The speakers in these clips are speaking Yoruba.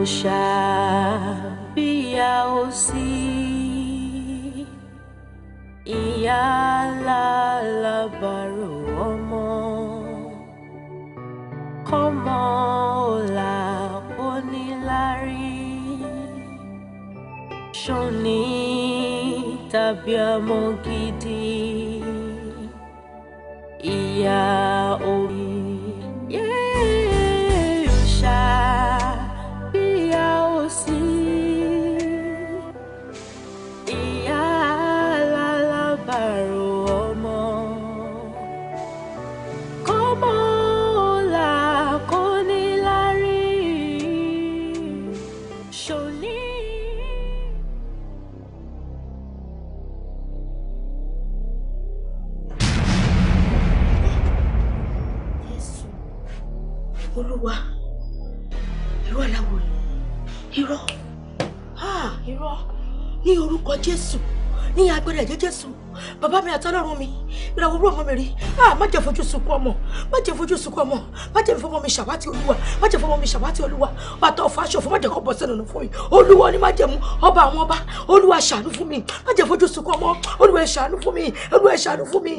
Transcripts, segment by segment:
òṣàbíyá ó sí la lálábàárò ọmọ kọ́mọ la onílárí shoni tàbí àmọ́ gidi ìyá o. jésù ní agbára ẹ̀jẹ̀ jésù bàbá mi àtọ́lọ́run mi ìràwọ̀ orú ọmọ mi rí ah má jẹ́ fojú sunkún ọmọ má jẹ́ fojú sunkún ọmọ má jẹ́ fọmọ mi ṣàwátì olúwa má jẹ́ fọmọ mi ṣàwátì olúwa bàtà ọ̀fọ̀ aṣọ fún má jẹ́ kó bọ́ sẹ́nu fún mi olúwa ni má jẹ́ mu ọba àwọn ọba olúwa ṣàánú fún mi má jẹ́ fojú sunkún ọmọ olúwa ṣàánú fún mi olúwa ṣàánú fún mi.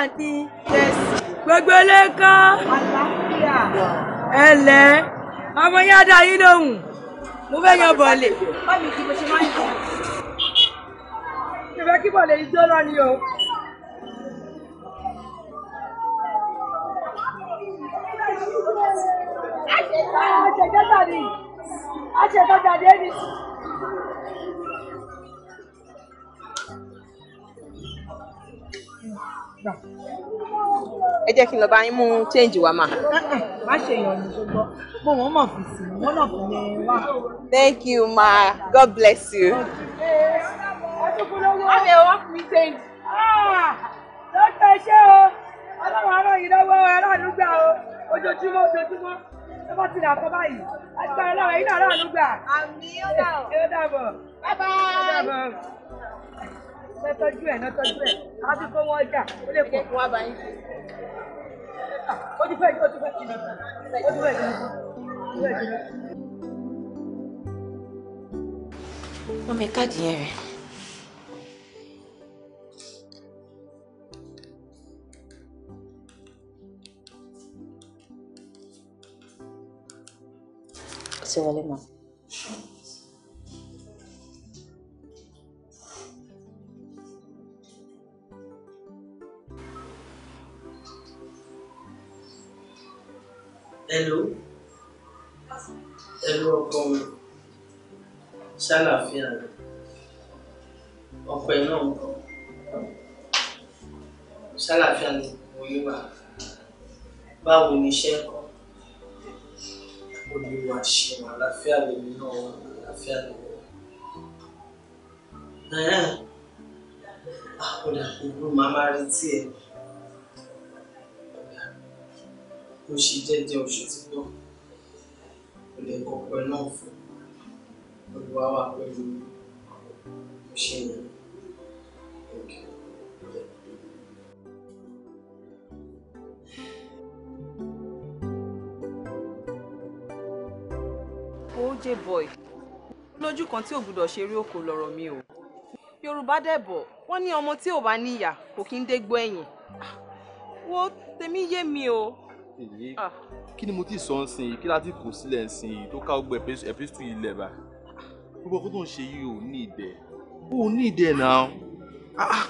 àǹtí. gbogbo ilé kọ́ ẹlẹ ọmọ yá dá yín lóhùn mo fẹ́ yan bọ̀lẹ̀. báyìí kí mo ṣe máa ń jẹ. ìfẹ́ kí bọ̀lẹ̀ yìí tó lọ ni o. Aṣèjọ́ tàbí aṣèjọ́ tàbí ẹni. ẹ jẹ́ kí n lọ bá yín mú change wá mà. Eh, eh, má ṣe ìyọnu tó gbọ́ bó wọn mọ̀ fi sí wọn náà fi yẹn wá. thank you ma god bless you. ọ̀sẹ̀ wọ́n fi change. Ah, lọ́tọ̀ iṣẹ́ o ọlọ́run àárọ̀ yìí lọ́wọ́ ẹ̀rọ àdúgbà o ojoojúmọ́ ojoojúmọ́ ẹ bá ti rà kọ́ báyìí agbára ọlọ́run yìí náà rà àdúgbà. àmì ó dà ó. ó dà bọ̀. bye bye fẹ́ tọ́jú ẹ̀ náà tọ́jú ẹ̀ á fi kó wọn jà ó lè pọ̀ fún wa ó ti ó ti fẹ́ ó ti fẹ́ ó ti fẹ́ jìnnà. káàdì yẹn rẹ̀. Sí, vale, más. Hello. Hello ọkọ mi. Ṣàlàfíà rẹ̀. Ọ̀pẹ náà ń bọ̀. Ṣàlàfíà ni mo yí wà. Báwo ni iṣẹ́ ń kọ́? Olúwa ṣeun àlàáfíà lèmi náà wà àlàáfíà lèmi. Ẹ̀ẹ́n. Àpòdà kò gbó màmá retí ẹ̀. kó ṣe jẹ́jẹ́ oṣù tí lọ kò lè kọ́kọ́ náà fún olùwà wà pẹ̀lú ṣe yẹn. oj boy lójú kan tí ò gbúdọ̀ ṣe rí òkò lọ̀rọ̀ mi o yorùbá dẹ̀ bọ̀ wọ́n ní ọmọ tí ò bá níyà kò kí ń dégbò ẹ̀yìn ah, wo tèmi yé mi o èyí kí ni mo ti sọ ń sìn yìí kí láti kò sílẹ̀ ń sìn yìí tó ká gbogbo ẹ̀pẹ́sítù yìí lẹ̀ bá gbogbo ọkọ tó ń ṣe yìí ò ní ìdẹ ò ní ìdẹ náà ah, ah.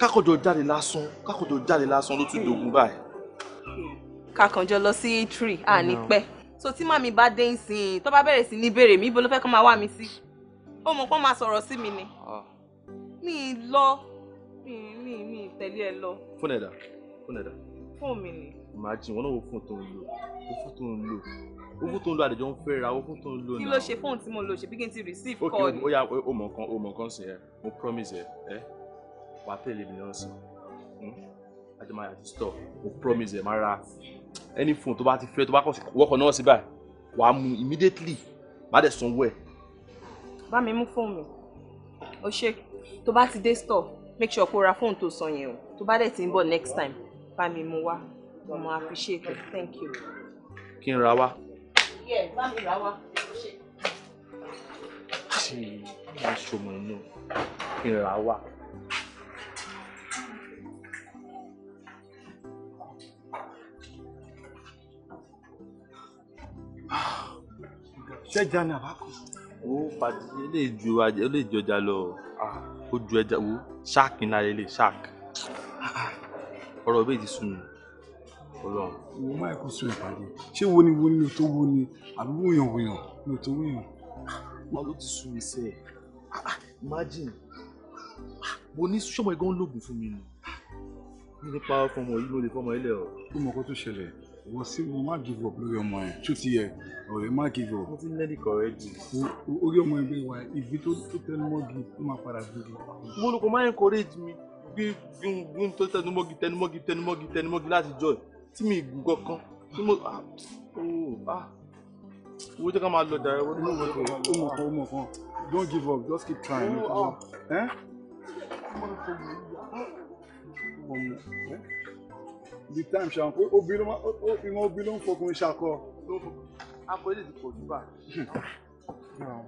kákọjọ jáde lásán kákọjọ jáde lásán ló tún dogun báyìí. kàkànjọ lọ sí tree àní pẹ so tí màmí bá dé ń sìn tó bá bẹ̀rẹ̀ sí ní béèrè mi ibo ló fẹ́ kó máa wá mi sí ó mọ̀ pé ó máa sọ̀rọ̀ sí mi ni ah. mi lọ mi mi mi tẹ̀lé ẹ lọ. fún ẹ̀dá fún mi ni imagine wọn náà wo fóònù tó ń lò wo fóònù tó ń lò wo fóònù tó ń lò àdéjọ ń fẹ́ ra wo fóònù tó ń lò náà. kí ló ṣe fóònù tí mo lò ṣe bí kí n ti receive call ni. ok ó yá o mọ̀ nǹkan o mọ̀ nǹkan sí ẹ mo promise ẹ ẹ wàá tẹ̀lé mi náà hmm? sí àjọmọ̀ àti store mo promise ẹ máa ra any phone tó bá ti fẹ́ tó bá wọ́kọ̀ náà sí báyìí wàá mú immediately má dẹ̀ sanwó ẹ̀. bá mi mú fóònù mi ó ṣe tó bá ti dé store make sure kó ra fóònù tó sọ yẹn o tó bá dẹ̀ ti ń bọ̀ next time bá mi mú wá mo máa appreciate it thank you. kí n ra wá. yẹ bá mi ra wá. tí wọ́n ṣọmọ inú kí n ra wá. ṣẹ́jà ni àbá kù. ó pàdé ó lè ju ajá ó lè ju ọjà lọ ó ju ẹja wo ṣáàkì ńlá lélẹ̀ ṣáàkì ah, ah. ọ̀rọ̀ bẹ́ẹ̀ ti sùn mí wo má kó sún ìpàdé ṣé wo ni wo ni tó wo ni àbí wòyàn wòyàn ni tó wòyàn. wọn ló ti sún mi sẹ imagine mo ní sọmọ ẹgbẹ́ ń lògùn fún mi ni mi ní pa fọmọ yìí ló lè fọmọ ilẹ̀ o. ó mọ kó tó ṣẹlẹ̀ wọ́n sí wọn má give up lórí ọmọ yẹn tó ti yẹ ọ̀rẹ́ má give up. mo ti nẹ́ẹ̀dì kọ̀ọ̀rẹ́ jù. orí ọmọ ẹgbẹ́ wa ibi tó tẹnu mọ́gi ó máa padà gbèrè. mo lóko máa encourage mi bí bí n tó tẹnumọ́gi tẹnumọ́gi tẹnumọ́gi tẹnumọ́gi láti join tí mi gùn kankan tí mo ah, ah. owó jẹ́ ká máa lọ dàrẹ́ wọ́n. ó mọ̀ kan ó kan don't give up just keep trying. Ah. Eh? the time ṣàǹkó obìnrin ìwọ̀n obìnrin ló ń fọkùnrin ṣàkọ. akọ ilé ti pọ̀ jù báyìí. Hmm.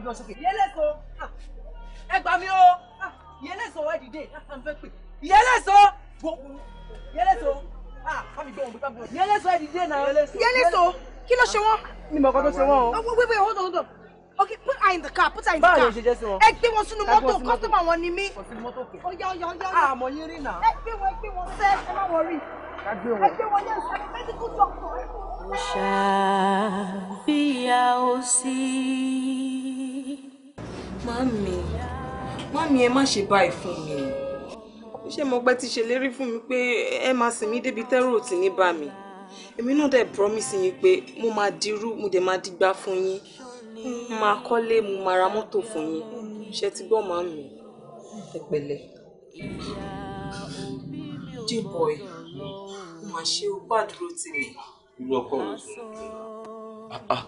mi lọ sókè. Ìyẹ́lẹ́sọ ah, ẹ gbà mí o Ìyẹ́lẹ́sọ ah, ẹ dìde à ah, ń fẹ́ pè Ìyẹ́lẹ́sọ gbó Ìyẹ́lẹ́sọ bá mi gbọ́ òun bí bá mi gbọ́ Ìyẹ́lẹ́sọ ẹ dìde náà. Ìyẹ́lẹ́sọ kí ló ṣe wọ́n. mi mọ̀ ọkọ tó ṣe wọ́n o. Oh, wait wait hold on hold on okay put her in the car put her in the car. báwo ló ṣe jẹ́ sí wọn. ẹ gbé wọn sínú mọ́tò kọ́sọ́mà wọn ni mí. ọ̀sìn mọ́tò kẹ̀. ọ̀yà ọ̀yà ọ̀yà. àmọ̀ yín rí nà. ẹ gbé wọn ẹ gbé wọn sẹ́ ẹ má wọrí. ẹ gbé wọn. ẹ gbé wọn yẹn sàmì medical doctor. ṣàfihàn ó sí. Mami, mami ẹ má ṣe báyìí fún mi. Ṣé mo pẹ́ ti ṣèlérí fún mi pé ẹ máa sìn mí débi tẹ́rù ò ti ní bá mi? Èmi náà dẹ̀ promise yín pé mo máa dirú, mo dẹ̀ máa digbá fún yín. Mo máa kọ́lé, mo máa ra mọ́tò fún yín. Ṣé ti gbọ́ màmí? Ẹ pẹ̀lẹ́. Jíbọ̀ì, mo máa ṣe opá dúró tì Irú ọkọ wo? Ah, ah.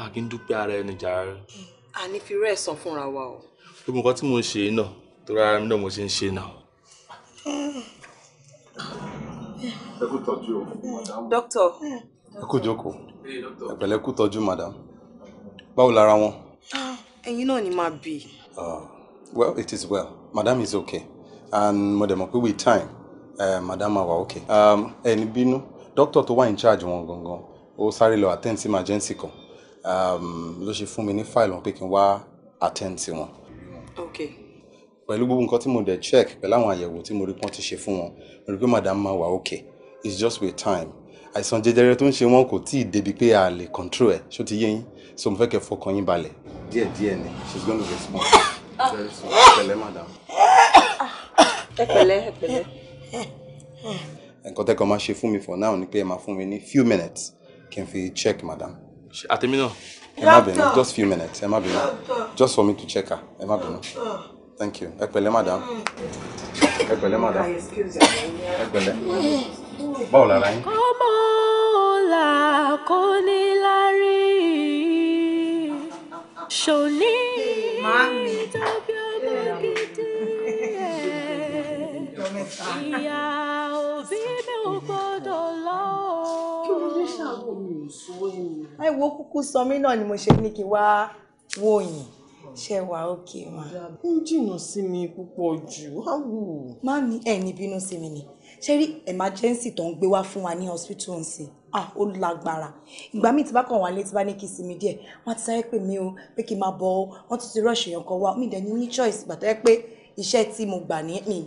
A ara ẹni jàre a ní fi rẹ́ẹ̀ sọ fúnra wa o. gbogbo nǹkan tí mo ṣe náà tó rárá mi náà mo ṣe ń ṣe náà. ẹ kú tọ́jú o. dókítà. ẹ kú jókòó ẹ pẹ̀lẹ́ kú tọ́jú madam báwo lára wọn. ẹ̀yin náà ni màá bì. Ah, well it is well madam is okay and mo dẹ̀ mọ̀ pé with time uh, madam awa okay. ẹni um, bínú dókítà tó wà in charge wọn gangan ó sáré lọ attend sí emergency kan Um, ló ṣe fún mi ní fáìlì wọn pé kí n wá attend sí wọn. okay. pẹ̀lú gbogbo nǹkan tí mo dẹ̀ check pẹ̀lú àwọn àyẹ̀wò tí mo rí pọ́n ti ṣe fún wọn mo rí pé madam máa wà okay it's just with time àìsàn jẹjẹrẹ tó ń ṣe wọn kò tí ì débi pé a lè control ẹ ṣó ti yé yín so mo fẹ́ kẹ́ fọkàn yín balẹ̀. díẹ̀ díẹ̀ ni she's gonna be small very small pẹ̀lẹ́ madam. ẹ pẹ̀lẹ́ ẹ pẹ̀lẹ́. nǹkan tẹ́kọ̀ọ́ máa ṣe fún mi for now ni pé ẹ máa fún mi ní few minutes kí n fi check madam. At náà. ẹ má bínú just few minutes ẹ má just for me to check her ẹ má thank you ẹ pẹ̀lẹ́ madam mm. ẹ pẹ̀lẹ́ madam ẹ pẹ̀lẹ́ báwo lára yín. ọmọ ọ̀la kò ní wo kúkú sọ mí náà ni mo ṣe ní kí n wá wò yín ṣe wà òkè mà. ó ń jìnnà sí mi púpọ̀ jù áwù. mami ẹ ní bínú sí mi ni ṣé rí emergency tó ń gbé wá fún wa ní hospital nsìn ah ó lágbára ìgbà míì tí bá kàn wá lé tí bá ní kí sinmi díẹ̀ wọ́n ti sáré pè mí o pé kí n máa bọ̀ ọ́ wọ́n ti ti rush kan wá mi dẹ̀ ní ní choice gbàtọ́ yẹ pé iṣẹ́ tí mo gbà ní mi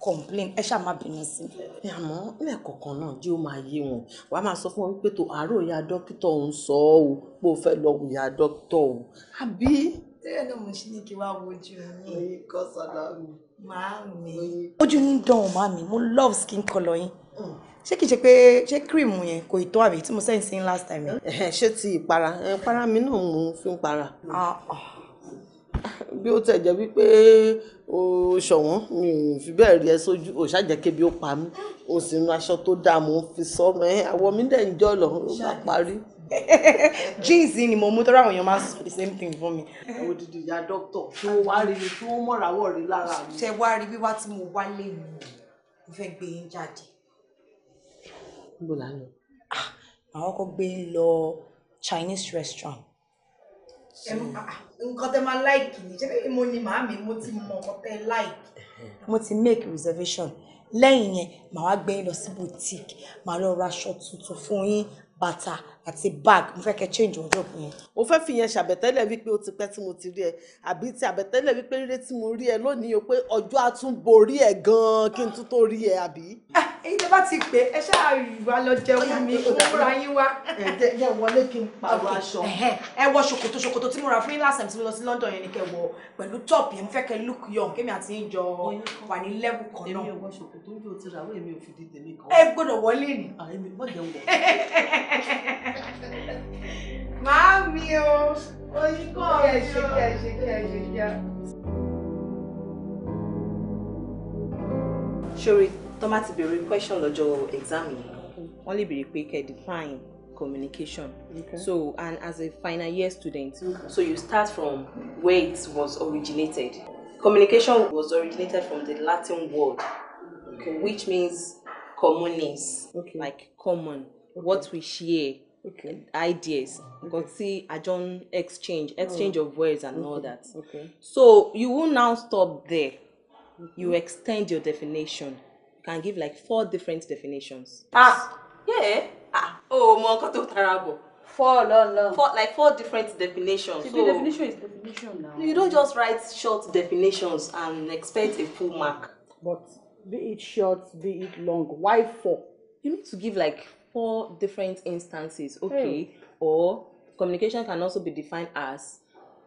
complain ẹ ṣáà má bínú sí i. àmọ́ lẹ́ẹ̀kọ̀ọ̀kan náà jí ó máa yé wọn wàá máa sọ fún wọn wípé tó àárọ̀ ìyá dókítà òun sọ ọ́ o pé o fẹ́ lọ ìyá dókítà òun àbí. bẹ́ẹ̀ náà mo ṣe ní kí wàá wojú mi. oyin kọ́ sọ̀dọ̀ mi. màámi. ojú ń dán o màámi mo love skin colour yín mm. ṣé kìí ṣe pé ṣé cream yẹn kò tó àbí tí mo sẹ́yìn sí last time. ṣé ti ìpara ìpara mi náà mo fi ń para. Ah, ah bí ó tẹ̀ jẹ́ wípé o ṣọ̀wọ́n mi ò fi bẹ́ẹ̀ rí ẹ sójú ò ṣàjẹ́ kébi ó pa mí o sì nu aṣọ tó dáa mo fi sọ́mọ ẹ àwọ̀ mi dẹ̀ ń jọ lọ ó bá parí. jeans ni mo mú tọ́ra àwọn èèyàn máa sọ the same thing fún mi. àwọn òdìdí ìyá dókítà tí wọ́n wá rí mi tí wọ́n mọ̀ràwọ̀ rí lára mi. ṣé wá rí wíwá tí mo wá lé mi mo fẹ́ gbé yín jáde. níbo la lọ. Ah, àwọn kan gbé e lọ Chinese restaurant Ah, ah, nǹkan tẹ máa láìkì ní ṣẹ́fẹ́ mo ní màá mi mo ti mọ ọkọ tẹ láìkì. mo ti make reservation lẹ́yìn yẹn màá wá gbé yín lọ sí boutique màá lọ ra aṣọ tuntun fún yín bàtà àti bag mo fẹ́ kẹ́ change wardrobe yẹn. mo fẹ́ fi yẹn ṣàbẹ̀tẹ́lẹ̀ wípé o ti pẹ́ tí mo ti rí ẹ àbí ti àbẹ̀tẹ́lẹ̀ wípé rírẹ́ tí mo rí ẹ lónìí o pé ọjọ́ á tún borí ẹ gan-an kí n tún tó rí ẹ àbí. ah èyí tẹ bá ti pè ẹ ṣáà wá lọ jẹun mi òmùra yín wá. ẹ wọlé kí n pààrọ̀ aṣọ. ẹ wọ ṣòkòtò ṣòkòtò tí mo rà fún yín last time tí mo lọ sí London yẹn ni kẹ wọ pẹ̀lú top yẹn mo fẹ́ kẹ look young kémi àti yín jọ wà ní level kan náà. èmi ò wọ ṣòkòtò ojú ti rà wẹ́ẹ̀mi ò fi di tèmi kan. ẹ gbọ́dọ̀ wọlé ni. àrèmi mọ̀ jẹun wọ. màámi o oyin kọ́ ọ̀ ẹ̀ ṣe kí ẹ ṣe kí ẹ ṣe kí ẹ. ṣòro tó má ti béèrè question lọ́jọ́ exam yìí wọ́n lè béèrè pé kẹ́ define communication. Okay. So, and as a final year student, okay. so you start from where it was originated. Communication was originated from the Latin word, okay. which means communis, okay. like common, okay. what we share. Okay. Ideas, okay. see, I exchange, exchange oh. of words and okay. all that. Okay. So you will now stop there. Mm-hmm. You extend your definition can give like four different definitions. ah yeah ah oh, mọ nǹkan tó tara bọ̀. four lọ lọ. four like four different definitions. to so, be definition is definition now. you don't just write short definitions and expect a full mark. but be it short be it long why four. you need to give like four different instances okay hey. Hmm. or communication can also be defined as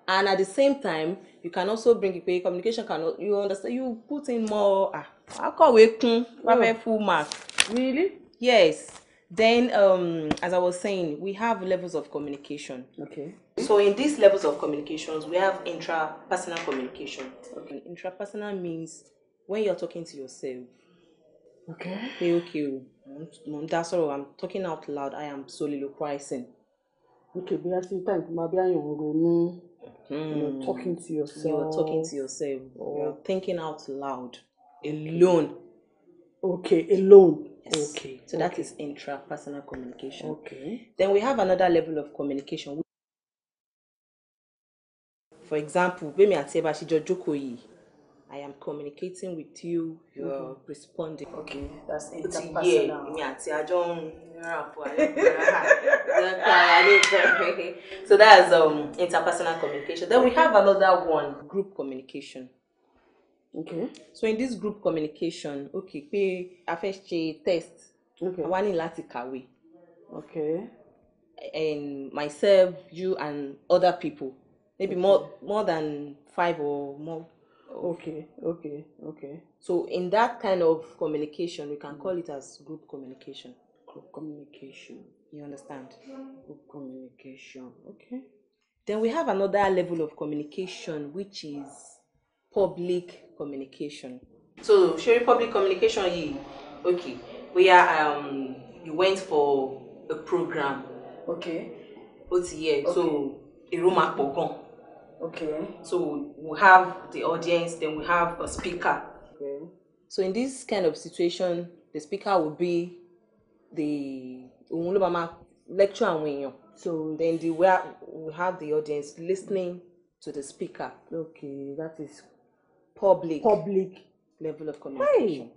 and at the same time you can also bring it communication can you understand you put in more ah akọ̀wé kún wá fẹ́ oh. full mark. really. yes then um, as i was saying we have levels of communication. okay. so in these levels of communications we have intrapersonal communication. okay. intrapersonal means when you are talking to yourself. okay. pé okay o mo ń i'm talking out loud i am soliloquizing. okay bí a ṣe time tí máa bí àyàn ronú. Mm. You're talking to yourself. You're talking to yourself or yeah. Oh. thinking out loud alone. Okay, alone. Yes. Okay. So okay. that is intrapersonal communication. Okay. Then we have another level of communication. For example, Bemi Ateba Shijojokoyi. I am communicating with you, you're mm-hmm. responding. Okay, that's interpersonal. Yeah, me àti àjọ ń ràn fún àlẹ́ I so that's um interpersonal communication. Then we have another one, group communication. Okay. So in this group communication, okay, pé a test. Okay. One in Latin kàwé. Okay. And myself, you and other people, maybe okay. more more than five or more. Okay, okay, okay. So in that kind of communication, we can call it as group communication. Group communication. You understand? Good communication. Okay. Then we have another level of communication, which is public communication. So, sharing public communication, ye. Okay. We are um you went for a program. Okay. What's here? Okay. So a room at Pokon. Okay. So we have the audience, then we have a speaker. Okay. So in this kind of situation, the speaker will be the òun ló máa máa lecture àwọn èèyàn so then the way we have the audience listening to the speaker. okay that is. public public level of communication. Hey.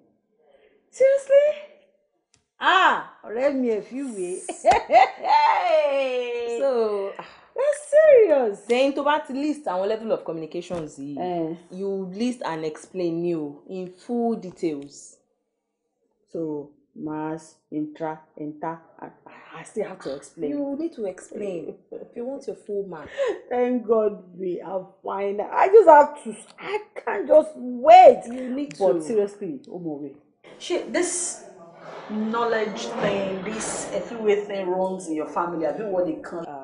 seriously ah ọ̀rẹ́ mi ẹ fi wé. so ah. that's serious. then to bá ti list àwọn level of communications yìí eh. you list and explain new in full details. so mass, intra, inter. I, I still have to explain. You need to explain if you want your full mark. Thank God we are fine. I just have to. I can't just wait. You need but to. But seriously, Omori. She this knowledge thing, this everywhere thing runs in your family. I do what they can. Um,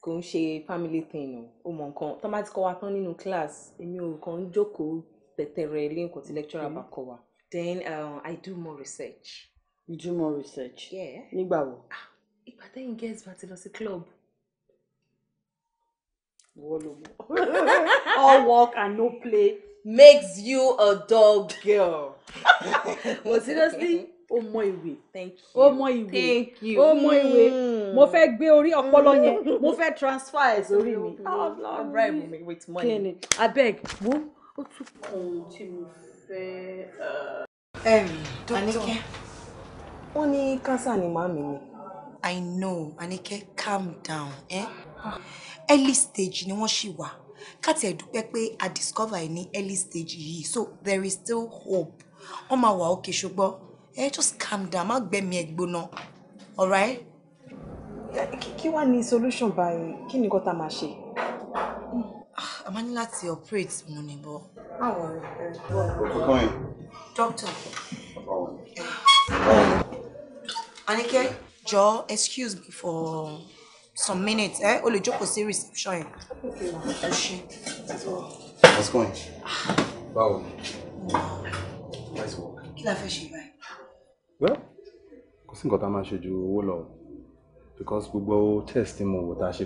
kò ń ṣe family thing o ó mọ nǹkan tó bá ti kọ́ wa tán nínú class èmi ò kàn ń jókòó tẹ̀tẹ̀rẹ̀ ilé nǹkan tí lecturer mm-hmm. bá kọ́ wa then um, I do more research. You do more research. Yeah. Nígbà wo? Ah, ìgbà tẹ́yìn girls bá ti lọ the club. Wọ́n ló All work and no play makes you a dog, girl. But seriously, oh my way. Thank you. Oh my way. Thank you. Oh my way. Mo fẹ́ gbé orí ọpọlọ yẹn. Mo fẹ́ transfer ẹ̀ sórí mi. Ọlọ́run oh, right, me with money. Kí ni? Abeg, wo ó tún kàn tí mo fẹ́. Uh, Ẹ̀rì, dókítà wọ́n ní kánsà ni màmí mi. I know Anike calm down eh? early stage ni wọ́n ṣì wà káti ẹ̀ dúpẹ́ pé I discover ẹ̀ early stage yìí so there is still hope wọ́n máa wà òkè ṣùgbọ́n ẹ eh, just calm down má gbẹ̀mí ẹ gbóná alright. Eh, kí wàá ní solution báyìí kí ni nǹkan tá a máa ṣe. Ah, a máa ní láti operate mo ní bọ́. báwo rẹ ẹ bọ́. doctor. báwo Anike, Joe, excuse me for some minutes. Eh? O lè jókòó sí reception yẹn. Ẹ What's going? Báwo ni? Nice work. Kí la fẹ́ ṣe báyìí? Well, kò sí nǹkan tá a máa ṣe ju owó because gbogbo test tí mo wò tá a ṣe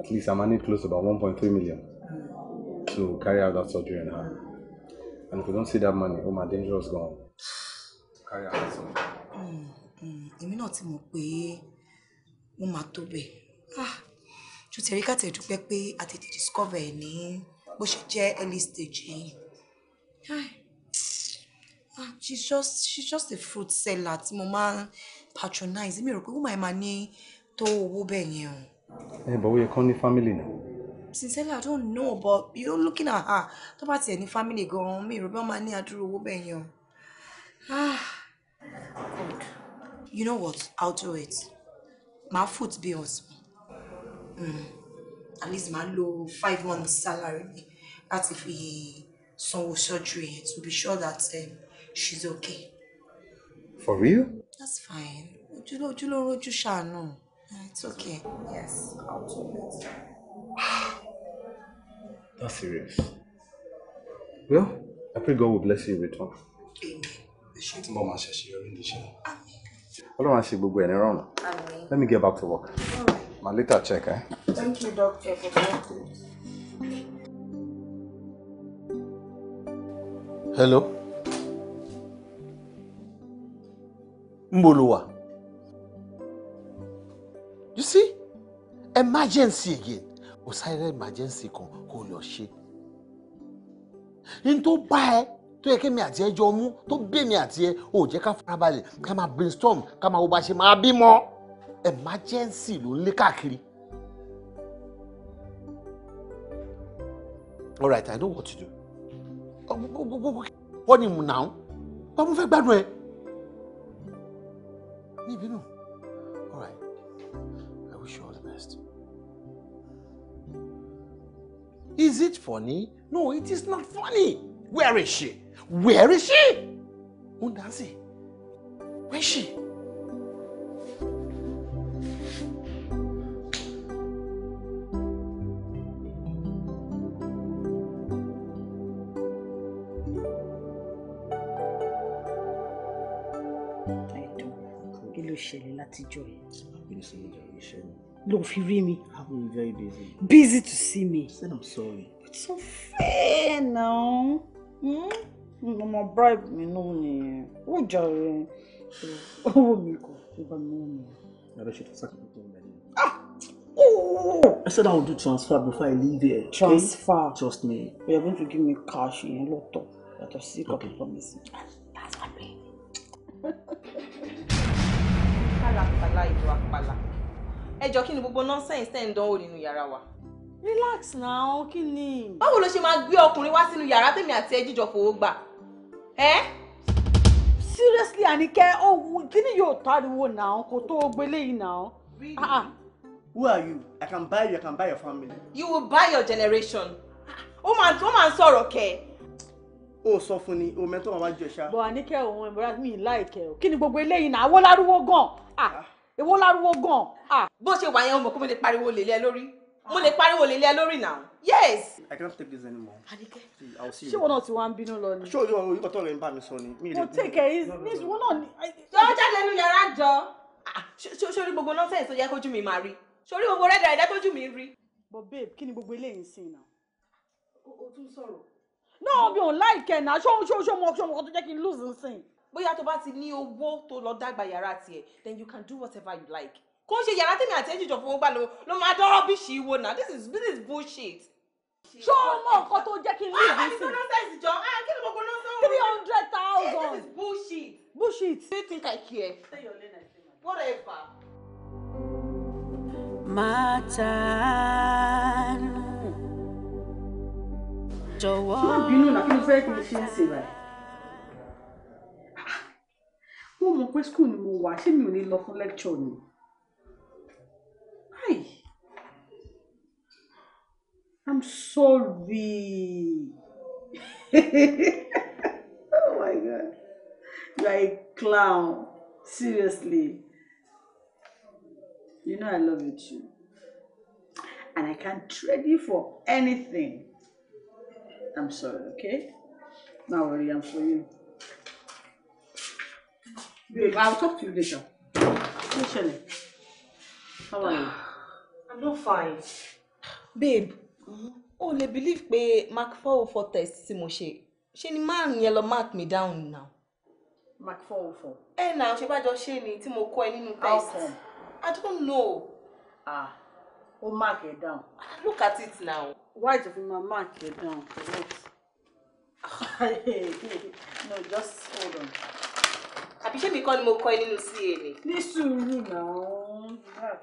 at least I ma close to about one point three million to carry out that surgery on her. And if we don't see that money, oh my danger is gone. Carry out that surgery. Mm. Mm, èmi náà ti mọ̀ pé wọ́n máa tó bẹ̀ tó ah, ti rí kàtẹ́ dúpẹ́ pé a tètè discover ẹ̀ ní bó ṣe jẹ́ early stage yìí ah, she's just she's just a fruit seller tí mo máa patronize mi rò pé woman ma ní tó owó bẹ́ẹ̀ yẹn o. ẹ bọ̀ wọ́n yẹ kán ní family náà. sincerely i don't know but you know looking at her tó bá tiẹ̀ ní family gan-an mi rò pé wọ́n máa ní adúrú owó bẹ́ẹ̀ yẹn o. ah god. You know what? I'll do it. My foot be husband. Mm. At least my low five months salary mi if he sanwó surgery to be sure that um, she's okay. For real? That's fine. Ojúlọ ojúlọ rojú ṣàánú. It's okay. Yes, I'll do it. That's serious. Well, I pray God will bless you in return. Amen. Ṣé tí mo máa ṣẹ̀ṣẹ̀ yọrí ní iṣẹ́? Ah, Ọlọ́run á ṣe gbogbo ẹ̀ ní rọrùn. Let me get back to work. Right. My later check. Eh? Thank you, doctor, for the Hello? Mbolowa. You see? Emergency again. Ó emergency kan kó lọ ṣe. N tó bá ẹ tó yẹ kémi àti ẹ jọ mú tó bèmi àti ẹ ò jẹ́ ká farabalẹ̀ ká máa brainstorm ká máa wo bá ṣe máa bímọ emergency ló ń lé káàkiri. all right i know what to do. wọ́n ní mu náà wọ́n mú fẹ́ gbádùn ẹ. ní ìbínú all right i wish you all the best. is it funny? no it is not funny. where is she? Where is she? Undansi, where is she? ṣẹlẹ̀ látijọ́ ẹ̀. ló fi rí mi. I'm very busy. busy to see me. Said I'm sorry. it's so fair now. Hmm? mo mọ bribe mi nù nìyẹn ó jàre owó mi kọ ìgbà mi ò yàrá ṣètò sàkóso ìgbà yẹn. Oh. I said I would do transfer before I leave here. Transfer. Okay? Trust me. But are going to give me cash in lotto. lot of that of okay. promise. That's what I mean. Kàlàkàlà ìlú àpàlà. Ẹ jọ kí ni gbogbo nonsense tẹ́ ń dánwò nínú yàrá wa? Relax now, kí ni? Báwo ló ṣe máa gbé ọkùnrin wá sínú yàrá tèmi àti ẹ jíjọ fowó gbà? ẹ́ eh? seriously Anike, oh, kini yóò tariwo na kò tó gbélé yìí náà. Ah, ah. Who are you? I can buy you, I can buy your family. You will buy your generation. Ó máa ó máa ń sọ̀rọ̀ kẹ́. O sọ fún ni, o mẹ́tọ́ wọn wá jẹ ṣá. Bọ̀ Àníkẹ́ òun ẹ̀mọ́ra mi láìkẹ́ o. Kí ni gbogbo eléyìí náà? Àwọ̀ lárúwó gan. Èwo lárúwó gan. Ah, Bó ṣe wà yẹn, mo kò mọ̀ lè pariwo lè lẹ́ lórí mo lè pariwo lè lẹ lórí now yes. i cannot take this anymore. Àníkẹ́ ṣé wọn náà ti wá ń bínú lọ ni. ṣé orí ọ̀rọ̀ ìkọ̀tọ̀ rẹ̀ ń bá mi sọ ni. mo take ẹ̀ ní wọn náà ni. jọ jáde nínú yàrá jọ sórí ah, gbogbo nọ́sẹ̀sì tó yẹ kójú mi máa rí sórí gbogbo rẹ́dà ẹ̀dá tójú mi rí. but babe kí ni gbogbo eléyìí ń sìn náà. o tún sọ̀rọ̀. náà mi ò láìkẹ́ náà ṣó ṣó ṣó mọ ṣó mọ tó jẹ́ kí n lose nsìn. bóyá tó bá ti ní owó tó lọ dàgbà yàrá tiẹ̀ then you can do whatever you like kó ń ṣe yàrá tèmi àti ẹjìjọ fowó gbà lọ ló máa dọ́rọ́ bí ṣì í wò náà this is this is bullshit. ṣé o mọ nǹkan tó jẹ́ kí n ní ìdí sí. three hundred thousand. this is bullshit. bullshit. do you think I care? whatever. mátánù jọ̀wọ́. má bínú náà kí ló fẹ́ kí n ṣe ń ṣe báyìí. Ah, mo mọ̀ pé school ni mo wà ṣé mi ò ní lọ fún lecture ni. Hi. I'm sorry. oh my god. You are a clown. Seriously. You know I love you too. And I can't trade you for anything. I'm sorry, okay? not worry, I'm for you. Babe, I'll talk to you later. Hey, How are you? no five. babe o lè believe pé mark four oh four test tí mo ṣe ṣe ni márùn yẹn lọ mark me down now. mark four oh four. ẹ nà ṣe bá jọ ṣe ni tí mo kọ ẹ nínú test. how come. i don't know. ah o mark ẹ down. look at it now. why do you ma mark ẹ down for what. no just hold on àbí ṣé mi kọ́ ni mo kọ́ ẹ nínú CA ni. ní sùúrù náà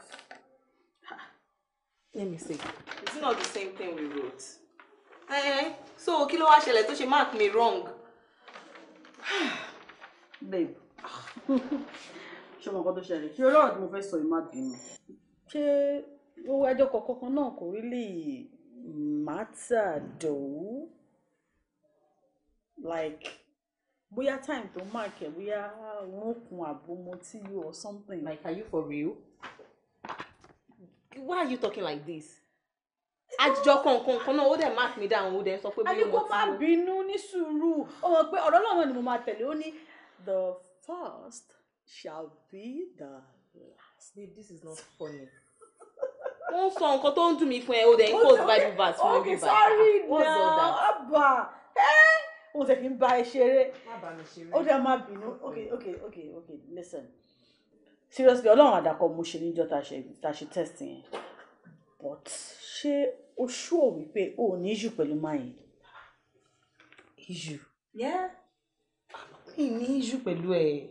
Let me see. Is not the same thing we wrote? Eh, so kí ló wá ṣẹlẹ̀ tó ṣe mark me wrong? Babe, ṣé ọmọ kan tó ṣẹlẹ̀? Ṣé olóòrùn tí mo fẹ́ sọ yìí má bínú? Ṣé owó ẹjọ́ kọ̀ọ̀kan náà kò rí lè matter though? Like bóyá time tó mark ẹ̀ bóyá òun ò kun àbomọ́ tí yóò or something. Like are you for real? why are you talking like this àjọ kọ̀ọ̀kan kan náà ó dẹ̀ mark mi down ó dẹ̀ sọ pé bí mo ti. àníkó má bínú ní sùúrù ó mọ̀ pé ọ̀rọ̀ náà ni mo máa tẹ̀lé ó ní the first shall be the last. babe this is not funny. ó ń sọ nǹkan tó ń dùn mí fún ẹ ó dẹ̀ ń post bible verse fún ah, mi bí bàtà. ok sorry na abba ó dẹ̀ fi ń ba ẹ ṣeré ó dẹ̀ má bínú okay, okay. ok ok listen seriously ọlọ́run àdàkọ mo ṣe níjọ́ tá a ṣe test yẹn but ṣé o ṣú ò wípé o ò ní issue pẹ̀lú máa yẹn issue. yeah mi ní issue pẹ̀lú ẹ̀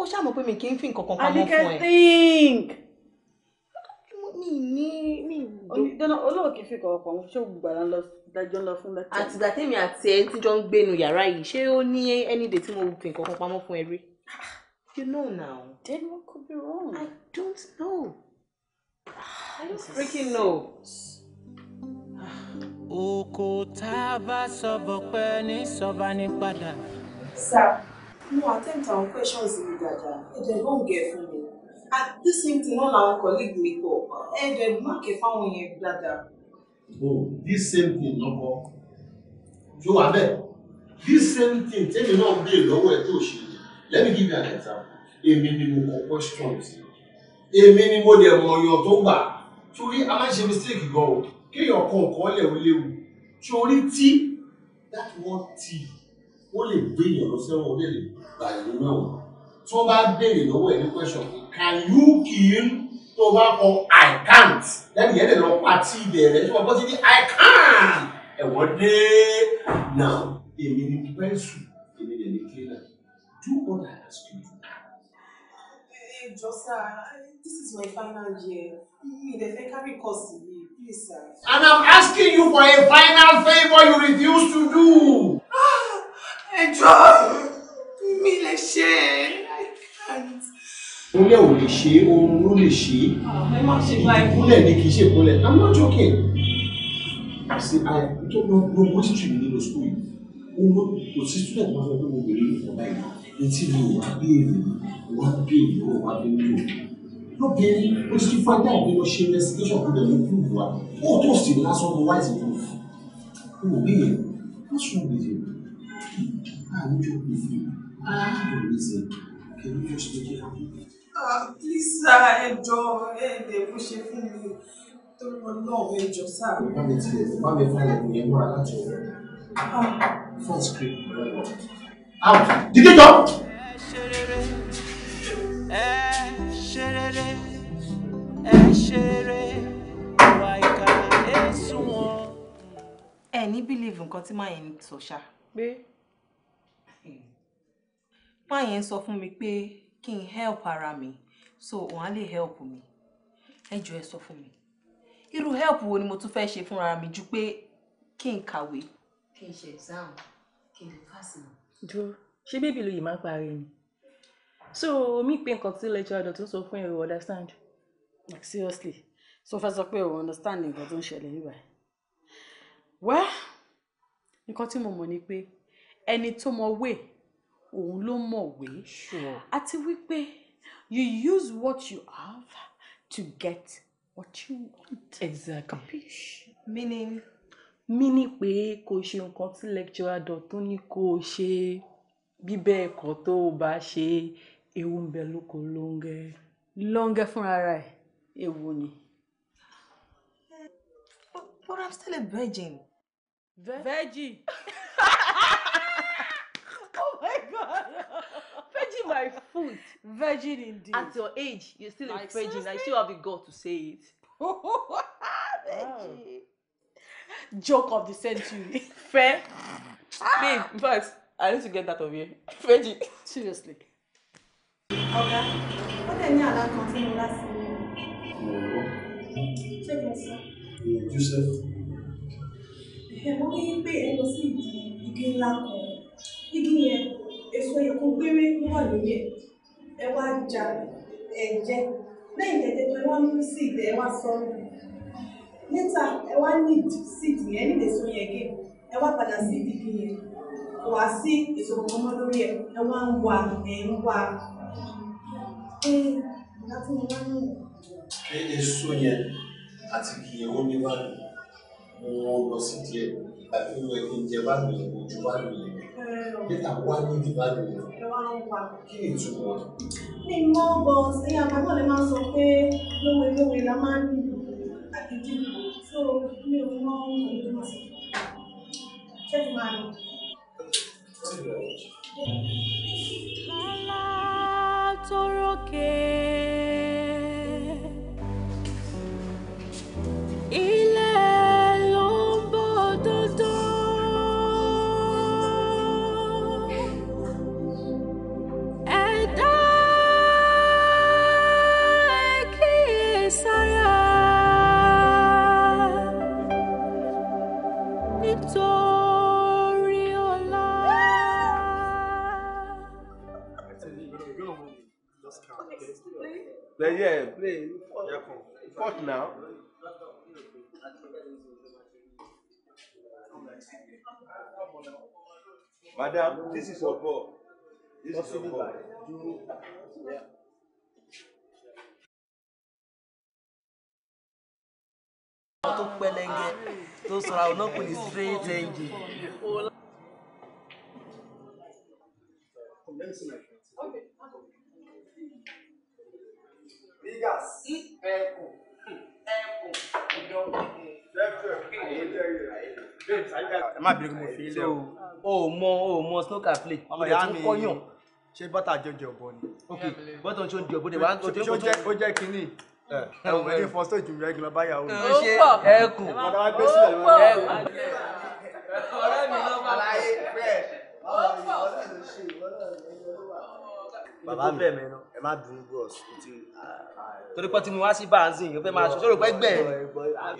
ó ṣàmọ̀ pé mi kì í fi nǹkan kan pamọ́ fún ẹ. I think. mi ní mi ní. olóòkè fi kọ̀ọ̀ pọ̀ ṣé o gbàgbà lọ dájọ́ lọ fún lẹ́tọ̀. àtìgbà tèmi àti ẹ ti jọ ń gbénu yàrá yìí ṣé ó ní any day tí mo fi nǹkan kan pamọ́ fún ẹ rí. You know now. Then what could be wrong? I don't know. I don't freaking know. Oko tá a bá sọ bọ̀ pẹ́ ní sọ́ba ní padà. Sir, questions mi dáadáa, ẹ̀jẹ̀ ló ń gẹ̀ fún mi. At the same thing, all our colleagues mi kọ̀, ẹ̀jẹ̀ má kẹ̀ fáwọn yẹn dáadáa. Oh, this same thing no more. You are bẹ́ẹ̀. This same thing tẹ́mi náà béèrè lọ́wọ́ ẹ̀ to ṣe yìí let me give you an example èmi ni mo kọ questions èmi ni mo dẹ̀ mọ ọyàn tó gbà torí a máa ń ṣe mistake gan o kéèyàn kọ nǹkan lẹ̀ ó léwu torí tí that one tí ó lè gbé èèyàn lọ sẹ́wọ̀n ó lè lè gbà ìlú mẹ́wọ̀n tí wọ́n bá béèrè lọ́wọ́ ẹ̀ ní question can you kill tó bá kọ i can't lẹ́yìn yẹn lè lọ pa tí ibẹ̀ rẹ̀ tí wọ́n bọ́ sí ní i can't ẹ̀wọ̀n dé now èmi ni pẹ́ńsù jọ sáà ah, this is my final year mi ì dẹ̀ fẹ́ carry course yìí please sir. and i'm asking you for a final favour you refuse to do. Ah, ẹ jọ̀ọ́ mi lè ṣe é i can't. ìpínlẹ̀ ò lè ṣe oorun ló lè ṣe ah, ìpínlẹ̀ ni kì í ṣe ìpínlẹ̀ i'm not joking. ṣe àyà tó lọ gbogbo títù mi nínú sukùl yìí kò sí student máa fẹ́ pé mo bèrè ní ìfọ̀bá ìgbà etí ló wà béèrè wà béèrè ó wà béèrè o lóbìnrin ó ti fún ẹgbẹ́ ìgbé lọ ṣe investigation kó lè mú wa ó tó sì lásán mo wáìsì proof ó wò bẹ́ẹ̀ wọ́n sùn gbèsè àwùjọ gbèsè àwùjọ gbèsè kẹ́lú yóò ṣe jẹ́ àwọn. please ẹjọ ẹ bó ṣe fún mi torí wọn náà ẹjọ sá. bá mi tiẹ̀ bá mi fún ẹ̀kọ́ yẹn mọ́ra láti ọ̀rọ̀ fún script lọ́wọ́ out dídí jọ. ẹ ní bílíìfù nǹkan tí máa yẹn ń sọ ṣá. pé máa yẹn sọ fún mi pé kí n help ara mi so òun á lè help mi ẹ jọ ẹ sọ fún mi irú help wo ni mo tún fẹ́ ṣe fúnra mi ju pé kí n kàwé. kí n ṣe exam kí n lè pass náà dúró ṣé bébì lóye máa ń parí ni so mi pé nǹkan tí lecturer Dọ̀tun sọ fún ẹ o understand. like seriously so fẹ́ sọ pé o understand nǹkan tó ń ṣẹlẹ̀ yìí báyìí well nǹkan tí mo mọ̀ ni pé ẹni tó mọ̀ wé òun ló mọ̀ wé àti wípé you use what you have to get what you want. exactly. Capiche? meaning meaning pé kó ṣe nǹkan tí lecturer Dọ̀tun ní kó ṣe bí bẹ́ẹ̀ kọ́ tó o bá ṣe ewu ń bẹ lóko lóńgẹ́. lóńgẹ́ fúnra rẹ̀ ewu ni. But, I'm still a virgin. virgin. oh my God. Virgin my foot. Virgin indeed. At your age, you're still like, a virgin. I still have the gall to say it. virgin. Wow joke of the century. Fair. Babe, in fact, I need to get that of you, Freddy. Seriously. Okay. What lè ní àlá kan Ṣé kò sọ? Ìyànjú sẹ́fù. ní pé ẹ lọ sí ìdí igi ńlá kan. Igi yẹn, èso yẹn kò péré wà lórí ẹ̀. Ẹ wá ja ẹ̀jẹ̀. Lẹ́yìn tẹ̀tẹ̀ tó ẹ ní sí ìdẹ̀ ẹ wá sọ́ọ̀rọ̀ later ẹ wá ní seed yẹn ní èso yẹn gé ẹ wá padà sí ìdílé yẹn kò wá sí èso mọ́mọ́ lórí ẹ ẹ wá ń wá ẹ ń wá ẹ láti mú wá nù. ṣé èso yẹn àti kìyẹ̀wò ní báyìí wọn lọ sí díẹ̀ àti wọn kì í jẹ báyìí yẹn ojú báyìí yẹn níta wá níbi báyìí yẹn kí ni ìtumọ̀. mi mọ́ bọ̀ sí àgbàdo lè máa sọ pé lówe lówe la máa ń níbi mi ò mọ ohun tó ń sọ. Ṣé ti máa lọ? Lálá tó rókè. Madam, this is your ball. This is your ball. Yeah. tó pẹlẹngẹ tó sọra ọ̀nà kò ní straight engine. Bigas, ẹ̀kọ́ ẹ má bèrè mo fi ilé o o mọ o mọ snooker play o lè tún kọyàn ṣé bọ́tà jọjọ bọ ni. ok bọ́tà ń ṣe oúnjẹ òbòdè wàá tó tó tó. ó jẹ́ kínní ẹ ò wẹ́n ní fọ́sọ̀ jù rẹ́ gbọ́n báyà o. ó ṣe ẹkùn ó pọ̀ ẹkùn. ọ̀rẹ́ mi ló máa láyé bẹ́ẹ̀. bàbá mi bẹ́ẹ̀ mẹ́rin má bínú bros kò torí pé tí mo wá sí báàzì yìí fẹ́ máa sọ sọ́rọ̀ pé gbẹ̀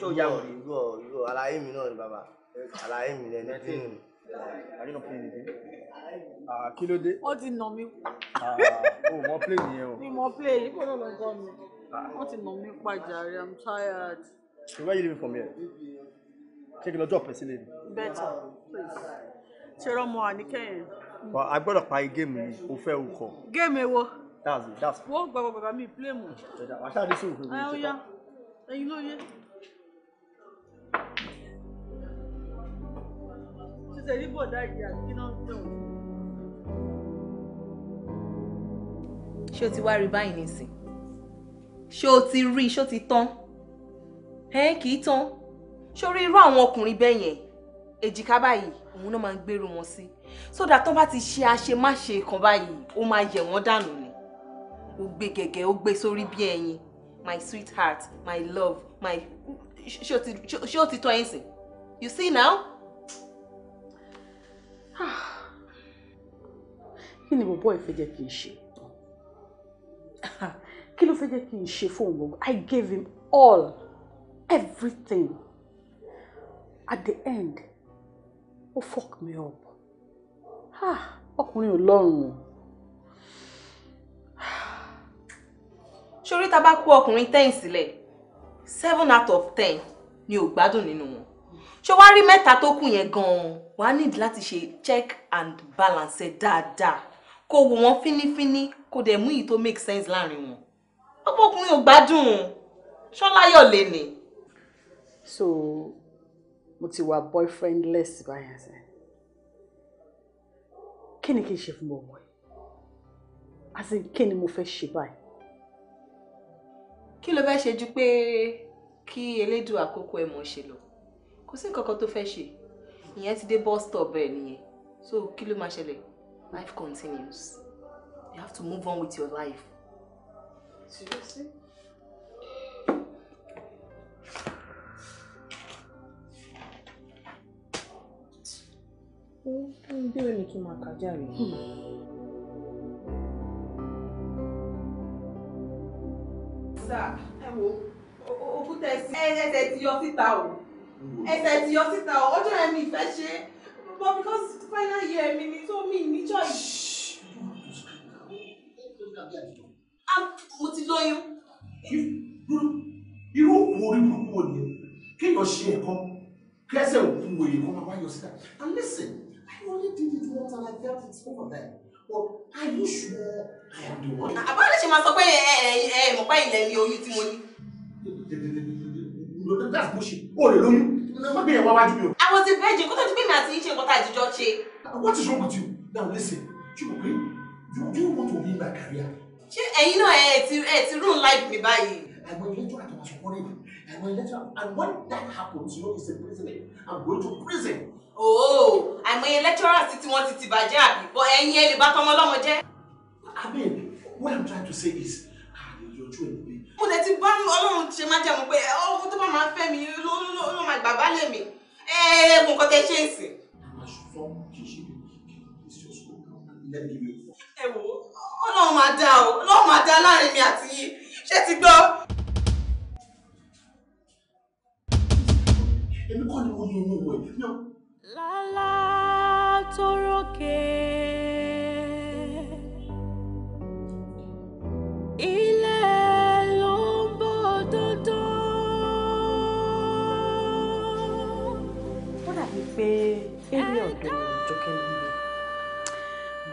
tó yà wọ̀. irú irú àlàyé mi náà ni bàbá àlàyé mi lẹ ní bínú kí ló dé. wọ́n ti nà mí. o mọ play nìyẹn o. mi mọ play yìí kò náà lọ gbọ́ mi wọ́n ti nà mí pàjáre i'm tired. So where you living from here? ṣé kí lọ drop ẹ sílé ni. better please ṣe rọmọ àníkẹyìn. a gbọ́dọ̀ parí géèmù yìí o fẹ́ o kọ. géèmù ewo that's it that's. wọ́n gba bàbá mi plé mu. wàá ṣáàdì sí òfin ìwé ìjọba. ẹyin ló yé. ṣíṣe ní bọ̀dá ìyá kí náà ń tẹ̀ wọ́n. ṣé o ti wá rí báyìí nísìn ṣé o ti rí ṣé ti tán ẹ kì í tán ṣé o rí irú àwọn ọkùnrin bẹ́ẹ̀ yẹn èjìká báyìí òun náà máa ń gbèrú wọn sí sódà tó bá ti ṣe àṣemáṣe kan báyìí ó máa yẹ̀ wọ́n dànù ni ó gbé gẹ̀gẹ̀ ó gbé sórí bí ẹyin my sweetheart my love my ṣé ó ti tọ́ ẹ̀yìn sìn you see now. kí ni bọ̀bọ̀ ìfẹ́ jẹ́ kí n ṣe kí ló fẹ́ jẹ́ kí n ṣe fóun gbogbo I gave him all everything at the end ó fuck me up ọkùnrin ò lọ́rùn o. ṣorí ta bá kó ọkùnrin ten sílẹ̀ seven out of ten ni ò gbádùn nínú wọn ṣé wàá rí mẹ́ta tó kù yẹn gan-an wàá nídìí láti ṣe check and balance dáadáa kó wò wọ́n fínífíní kó dẹ̀ mú èyí tó make sense láàrin wọn ọ̀pọ̀ ọkùnrin ò gbádùn ṣọláyọ̀ lè ní. so mo ti wà boyfriendless báyẹn sẹ kí ni kí n ṣe fún ọmọ yìí àti kí ni mo fẹ́ ṣe báyìí kí ló fẹ́ ṣe ju pé kí elédùn àkókò ẹ̀ mọ̀ ṣe lọ kò sí nǹkan kan tó fẹ́ ṣe ìyẹn ti dé bus stop bẹ́ẹ̀ nìyẹn so kí ló máa ṣẹlẹ̀ life continues you have to move on with your life. seriously. Hmm. ń bí òní kí sá ẹ wo òkúta ẹsẹ̀ ti yọ síta o ẹsẹ̀ ti yọ síta o ọjọ́ yẹn mi ìfẹ́ ṣe but because final year mi ni so mi ní choice. Ah, mo ti lóyún. irú òkú orí burúkú wo ni kéèyàn ṣe ẹ̀kọ́ kẹsẹ̀ òkú wòye kó máa wáyọ síta and listen I only did it once and I felt it's over there are you sure I am the one. àbúrò ah, lè ṣe máa sọ pé ẹ ẹ ẹ mọ̀ pé ilẹ̀ mi oyún tí mo ní. no that's bullshit o lè lóyún má gbé yẹn wá wájú mi o. I was a virgin kó tó ti pé mi àti yín ṣe nǹkan tá a jíjọ ṣe. what is wrong with you now listen you go gree you do you want to be my career. ṣé ẹ̀yin náà ẹ ti ẹ ti ruin life mi báyìí. àwọn ilé tó àtàwọn sọkọ rẹ àwọn ilé tó and when that happens you know it's a prison I'm going to prison ooo oh, àìmọye lecturer sí tí wọ́n ti ti bàjẹ́ àbí bọ́ ẹ̀yin ẹ lè bá tọmọ ọlọ́mọ jẹ́. I mean what I'm trying to say is àlejòjú ẹ̀ níbí. mo lè ti bá ọlọ́run ṣe máa jẹun pé ọkùnrin tó bá máa fẹ́ mi ló máa gbà bá lèmi ẹ̀ẹ́dẹ̀ẹ́dẹ̀ nǹkan tẹ ṣe é sìn. àmàṣùfọ́ kì í ṣe bí kí n ṣe ọ̀ṣun lẹ́yìn mi. ẹ wo ọlọ́run máa dá o ọlọ́run máa dá láàrin mi àti yín ṣé ti gbọ́. èmi kọ́ ni mo ní inú ìwọ̀ ẹ̀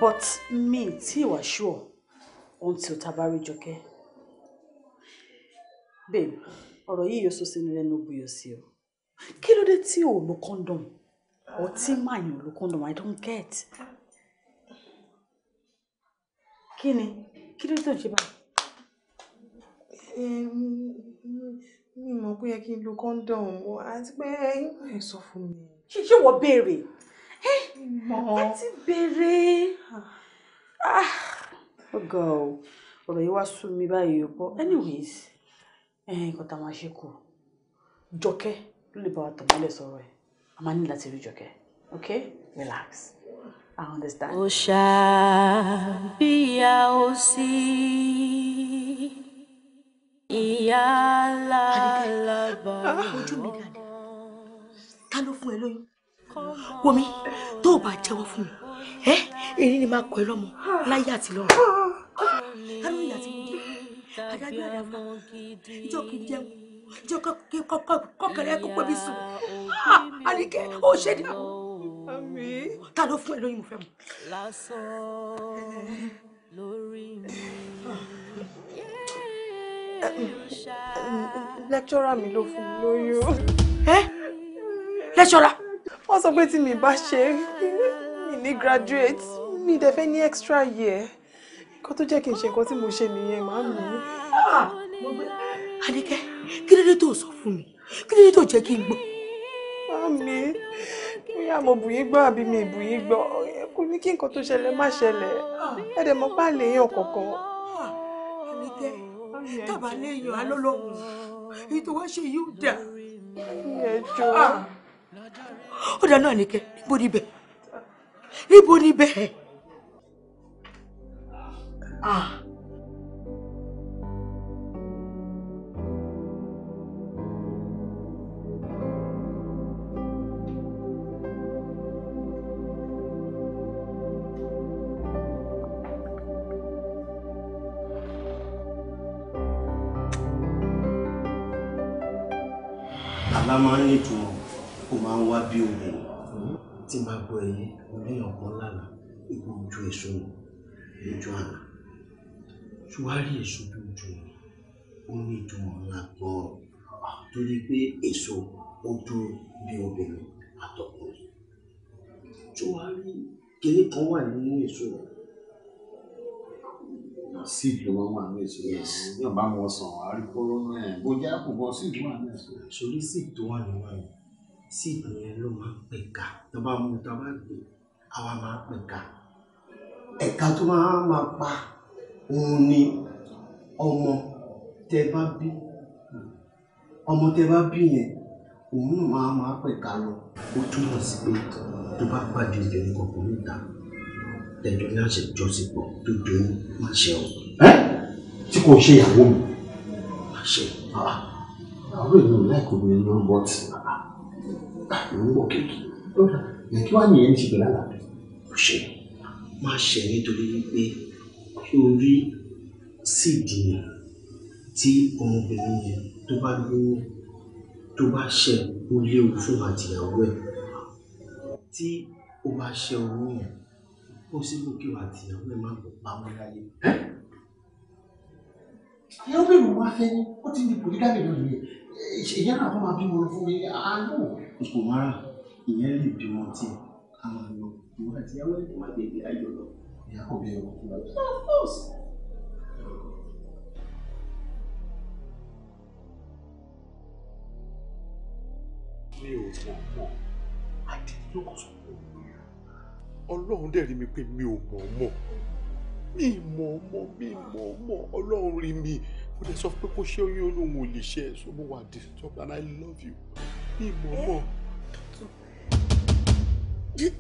but me, tí ìwà sure. ohun tí o ta babe ọ̀rọ̀ yìí yóò sọ sínú lẹ́nu buyọ sí o kí ló dé tí o lo condom ọtí màyàn ló kún dùn i don't get kí ni kí ló tó ń ṣe báyìí. mi mọ̀ pé yẹ kí lo condom o àti pé ẹ̀yin ẹ sọ fún mi. ṣé wọ́n béèrè àti béèrè ó ga ọ ọ̀rọ̀ yìí wá sú mi báyìí o bọ́ anyways Eh, tá a máa ṣe kù jọkẹ́ ló lè bá wa tàn mọ́lẹ̀ sọ̀rọ̀ ẹ̀ a máa ní rí jọkẹ́ okay relax i understand. ó ṣàbíyá ó sí ìyá lálábà wọmi ah, tó o bá jẹ́wọ́ fún mi ẹ èyí ni máa kọ ẹ lọ́mọ láyé àti lọ́run. adájọ́ àdàfà ìjọ kìí jẹun jẹ́ kọ́kẹ́rẹ́ kó pé mi sùn ah, àníkẹ́ ó ṣe dà o ta ló fún ẹ lóyún mo fẹ́ mu. lásán lórí mi. lẹ́kṣọ́rà mi ló fún lóyún. ẹ lẹ́kṣọ́rà. wọ́n sọ pé tí mi bá ṣe mi ní graduate mi dẹ̀ fẹ́ ní extra year kó tó jẹ́ kí n ṣe nǹkan tí mo ṣe nìyẹn màá mi. Àníkẹ́ kí ló dé tó sọ fún mi kí ló dé tó jẹ́ kí n gbọ́. Mami bóyá mo bùyín gbọ́ àbí mi bùyín gbọ́ kò ní kí nǹkan tó ṣẹlẹ̀ má ṣẹlẹ̀ ẹ̀dẹ̀ mọ́ bá lèèyàn kọ̀ọ̀kan. Àníkẹ́ tábà léèyàn alólò èyí tó wá ṣe yóò dà. ẹjọ́ ah. ó dáná Àníkẹ́ níbo níbẹ̀ níbo níbẹ̀. Ah. máa ń nítumọ̀ ó máa ń wá bí òwò tí n bá gbọ́ ẹyẹ ọlẹ́yìn ọ̀pọ̀ lánàá ìgbò ojú èso lójú àná ṣùwárí èso tó ju ó ní ìtumọ̀ ńlá gbọ́ọ̀rọ̀ torí pé èso ó dúró bí obìnrin àtọkùnrin ṣùwárí kìnnìkan wà nínú èso rẹ̀ síìdì ló máa ń wà ní èso ní ọ̀bá wọn sàn àríkóró náà bójá kò bọ síìdì wà ní èso. sórí síìdì tó wà nínú ẹ síìdì yẹn ló máa ń pè ká tó bá mú tó bá gbé àwa máa pè ká ẹ̀ka tó máa máa pa òun ni ọmọ tẹ bá bí ọmọ tẹ bá bí yẹn òun náà máa máa pè ká lọ ó túmọ̀ sí pé tó bá pàdé ìbẹ̀rù kọ̀ọ̀kan níta lẹ́jọ́ láṣẹ ìjọsìnpọ̀ tó doyún máa ṣe o. ẹ tí kò ṣe ìyàwó mi. àṣẹ àwọn èmi ò mi ní wọn bọ́ọ̀tì àwọn wọ kéèkì kí wàá nìyẹn ti gbẹ̀lá làbẹ́. kò ṣe máa ṣe nítorí wípé orí sídìí tí ọmọbìnrin yẹn tó bá lóyún tó bá ṣe ó léwu fún àtìyàwó ẹ tí ó bá ṣe oyún yẹn ó sì mú kí wàá tìyàwó ẹ máa bọ̀ pamọ́ láyé. ìyàwó bẹ̀rù wá fẹ́ ni ó ti di pòlígàmì lónìí ìyá náà máa bímọ fún mi àánú. kò mara ìyẹn lè bímọ tí a máa lọ ìwà àtìyàwó ẹ má gbèbí ayọ̀ lọ. ìyá kò bí ẹ kò lọ. mi ò mọ̀ mọ́ àdìyẹ ló kọ̀ sọ́kùnrin ọlọ́run dẹ̀ rí mi pé mi ò mọ̀ mọ̀ mi mọ̀ mọ̀ mi mọ̀ mọ̀ ọlọ́run rí mi mo dẹ̀ sọ pé kó ṣe oyún olóhùn ò lè ṣe ẹ̀ so mo wà disturb and I love you mi mọ̀ mọ̀. Did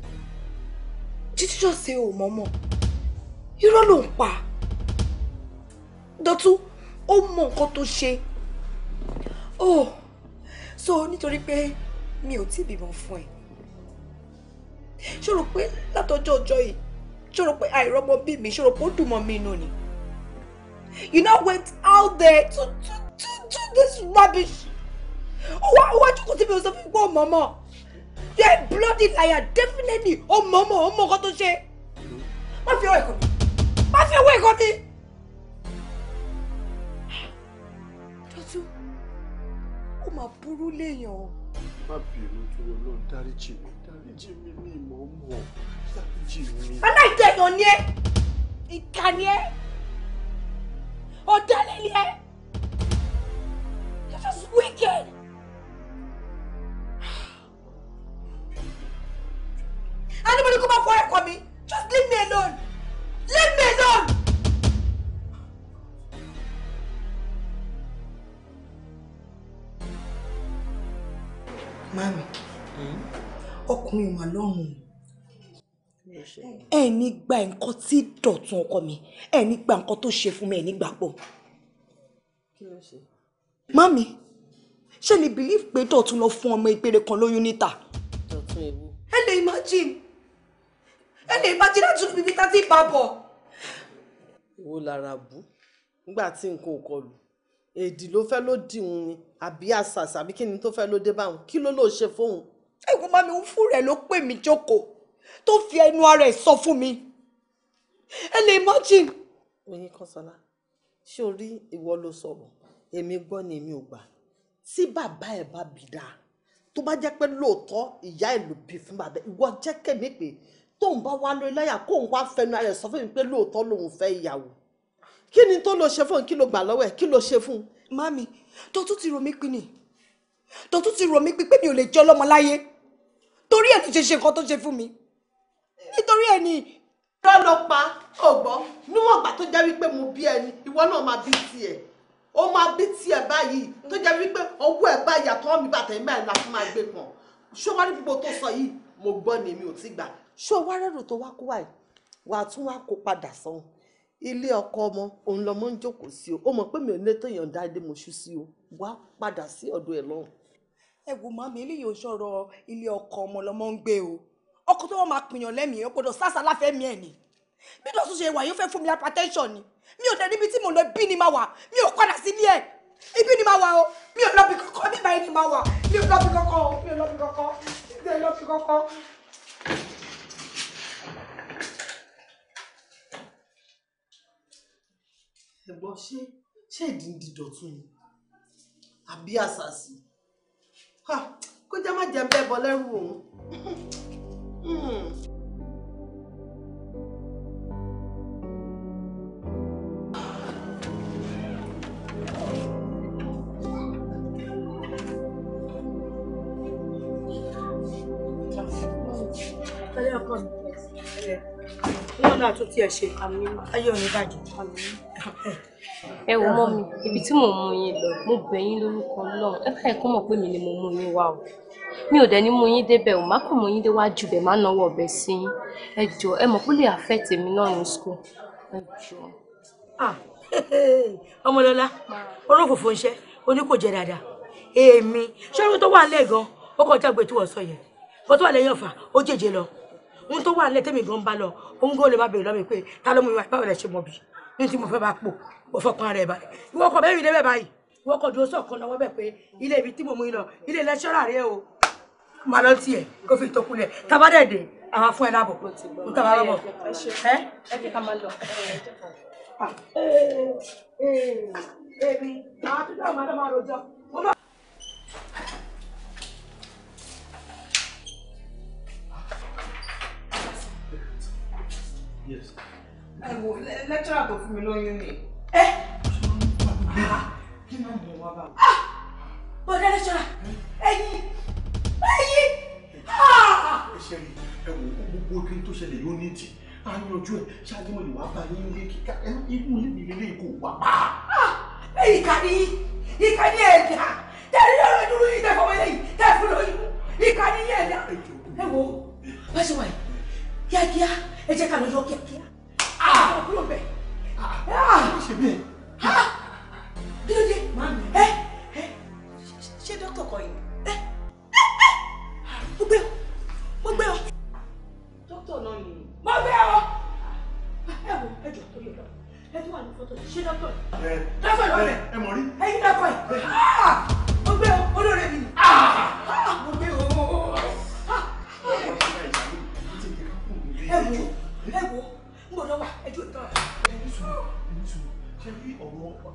you just say o mọ̀ mọ̀? Irọ́ ló ń pa. Dọ̀tún, ó mọ nǹkan tó ṣe. Oh, so nítorí pé mi ò tíì bímọ fún ẹ ṣó rò pé látọjọ́ ọjọ́ yìí ṣó rò pé àìrọ́mọ bí mi ṣó rò pé ó dùn mọ́ mi nù ni you now went out there to to to do this rubbish ó wá ó wá jókòó síbi ó sọ fún mi pé oh, you are a bloody liar definitely oh, ó mọ̀ mọ́ ó mọ̀ nǹkan tó ṣe má fi ọwọ́ ẹ̀kọ́ mi má fi ọwọ́ ẹ̀kọ́ mi. tuntun ó máa burú léèyàn. má bínú tó lọ dáríjì mi dáríjì mi ní ìmọ̀ mọ̀ dáríjì mi. aláìjẹ èèyàn ni ẹ you're just wicked. anybody come up for help for me just leave me alone leave me alone. Mami. Mm-hmm ọkùnrin wà lọ́rùn ẹ ní gba nǹkan tí dọ̀tun ọkọ mi ẹ ní gba nǹkan tó ṣe fún mi ẹ ní gbà pọ̀. mami ṣe lè believe pé dọ̀tun lọ fún ọmọ ìpele kan lóyún níta. dọ̀tun ẹ lè imagine ẹ lè imagine láti tún bíbí tàbí ìpapọ̀. èwo lára bú nígbà tí nǹkan ò kọlù èdè ló fẹ́ ló dìhun ni àbí àṣàṣà àbí kí ni tó fẹ́ ló dé báwọn kí ló lóò ṣe fóun ẹ̀gbọ́n mami ń fún rẹ̀ ló pè mí jókòó tó fi ẹnu ara ẹ̀ sọ fún mi ẹ lè imagine. oyin Kọ́sọ́lá ṣé o rí ìwọ ló sọ̀rọ̀ èmi gbọ́ ni èmi ò gbà tí bàbá ẹ̀ bá bì dáa tó bá jẹ́ pé lóòótọ́ ìyá ẹ̀ ló bí fún bàbá ìwọ jẹ́ kẹ̀mí pé tóun bá wá lórí láyà kóun wá fẹnu ara ẹ̀ sọ fún mi pé lóòótọ́ lòun fẹ́ ìyàwó kí ni tó lọ ṣe fún un kí ló gbà lọ́wọ́ ẹ̀ kí ló ṣe fún un. mami tó tún ti rò mí pin tó tún ti rò mí pin pé mi ò lè jẹ́ ọlọ́mọ láyé torí ẹ̀ ló ṣe ṣe nǹkan tó ṣe fún mi nítorí ẹ̀ ni lọ́lọ́pàá ọ̀gbọ́n níwọ̀n ìgbà tó jẹ́ wípé mo bí ẹni ìwọ náà máa bí tiẹ̀ ó máa bí tiẹ̀ báyìí tó jẹ́ wípé ọwọ́ ẹ̀ báyìí àtọ́ mi bàtà ẹ̀mí àìlá fún máa gbé pọ̀n ṣó wá rí gbogbo tó sọ yìí mo gbọ́ ni èmi ò ti gbà ṣó wá rẹ̀rù tó wá kó wáyìí wà á tún wá kó padà sàn ilé ọkọ ọmọ òun lọmọ ń jókòó sí o ó mọ̀ pé mi ò ní tó yàn dáadé mo ṣú o wà á ẹ wò màmí eléyìí ò sọ̀rọ̀ ilé ọkọ ọmọ lọ́mọ ń gbé o ọkọ tó wọ́n máa pìyàn lẹ́mìí ó gbọ́dọ̀ sásà láfẹ́mìí ẹ̀ ni bí dọ́sùn ṣe wà yóò fẹ́ fún mi hypertension ni mi ò dẹ̀ níbi tí mo lọ bí ni máa wà mi ò padà sí ilé ẹ̀ ibi ni máa wà o mi ò lọ́bi kọ́kọ́ bí báyìí ni máa wà mi ò lọ́bi kọ́kọ́ o mi ò lọ́bi kọ́kọ́ mi ò lọ́bi kọ́kọ́. ẹ̀gbọ́n ṣé ṣé ìdí ń di dọ̀tún ni àbí àṣàṣì kó jẹ́ má jẹ́ bẹ́ẹ̀ bọ́ lẹ́rù òun. náà tún tiẹ̀ ṣe bàjẹ́ ẹ wò mọ mi ibi tí mò ń mú yín lọ mo bẹ̀ yín lórúkọ Ọlọ́run ẹ ká ẹkọ mọ pé mi ni mo mú yín wá o mi ò dẹ ní mú yín débẹ̀ o má kàn mú yín déwájú bẹ má náwó ọbẹ sí yín ẹ jọ ẹ mọ kó lè àfẹ tèmi náà ní school ẹ jọ. Ah, ọmọlọlá olófòfò ń ṣe oní kò jẹ dáadáa èmi ṣé ohun tó wà nílẹ̀ gan ó kọjá gbé tí wọ́n sọ yẹn bó tó wà lẹ́yìn ọ̀fà ó jèjì lọ ohun tó wà nílẹ̀ tẹ́mi gan bá lọ ohun gan lè má béèrè lọ́mi pé ta ló mú mi wá báwo lẹ ṣe mọ̀ bí ní tí mo fẹ́ bá pò mo fọkàn rẹ báyìí ìwọ ọkọ bẹ́ẹ̀ rí lẹ́bẹ̀ báyìí ìwọ ọkọ dúró sọ̀kan lọ́wọ́ bẹ̀ pé ilé ibi tí mo mú yín lọ ilé lẹ́ṣọ́rà rẹ o máa lọ tiẹ̀ kó fi tó kulẹ̀ tabadẹ́dẹ́ àwọn afún ẹ láàbọ̀ n tàbá lọ́bọ̀ ẹ ẹ kí ká máa lọ. Ah. Eh, eh, eh, yes. Ẹ wo lẹ́tírà tó fún mi lóyún ni ẹ. Eh? Ah, kí ló ń bọ̀ wá bá mi. Ah, bọ̀dá lẹ́sọ̀rọ̀ ẹ̀yin ẹ̀yin. Ah! ẹsẹ̀ rí ẹ wo gbogbo kí n tó ṣẹlẹ̀ yóò ní ìdí a yanjú ẹ ṣáájú mo lè wá bá yín ní kíkà ẹ inú mi lè lè kó wá bá. ìkànnì ìkànnì ẹ̀dá tẹ̀lé lọ́rọ̀ dúró yìí tẹ̀ fọwọ́ lẹ́yìn tẹ̀ fún lóyún ìkànnì ẹ̀dá ẹ wo bá ṣe wà yìí kíákíá ẹ jẹ́ ká lọ yọ kíákíá. àwọn ọkùnrin bẹ́ẹ̀. Ah, bẹ́ẹ̀. kí ló dé ẹ ẹ ṣé dókítà kọ́ yìí ẹ ẹ mo gbé ọ mo gbé ọ. dókítà náà ni. mo gbé ọ. ẹ wo ẹ jọ torí ọ̀dọ́ ẹ tún wà ní fọ́tò ṣé dókítà yìí. dókítà yìí lọ́rẹ̀ ẹ mọ̀ rí.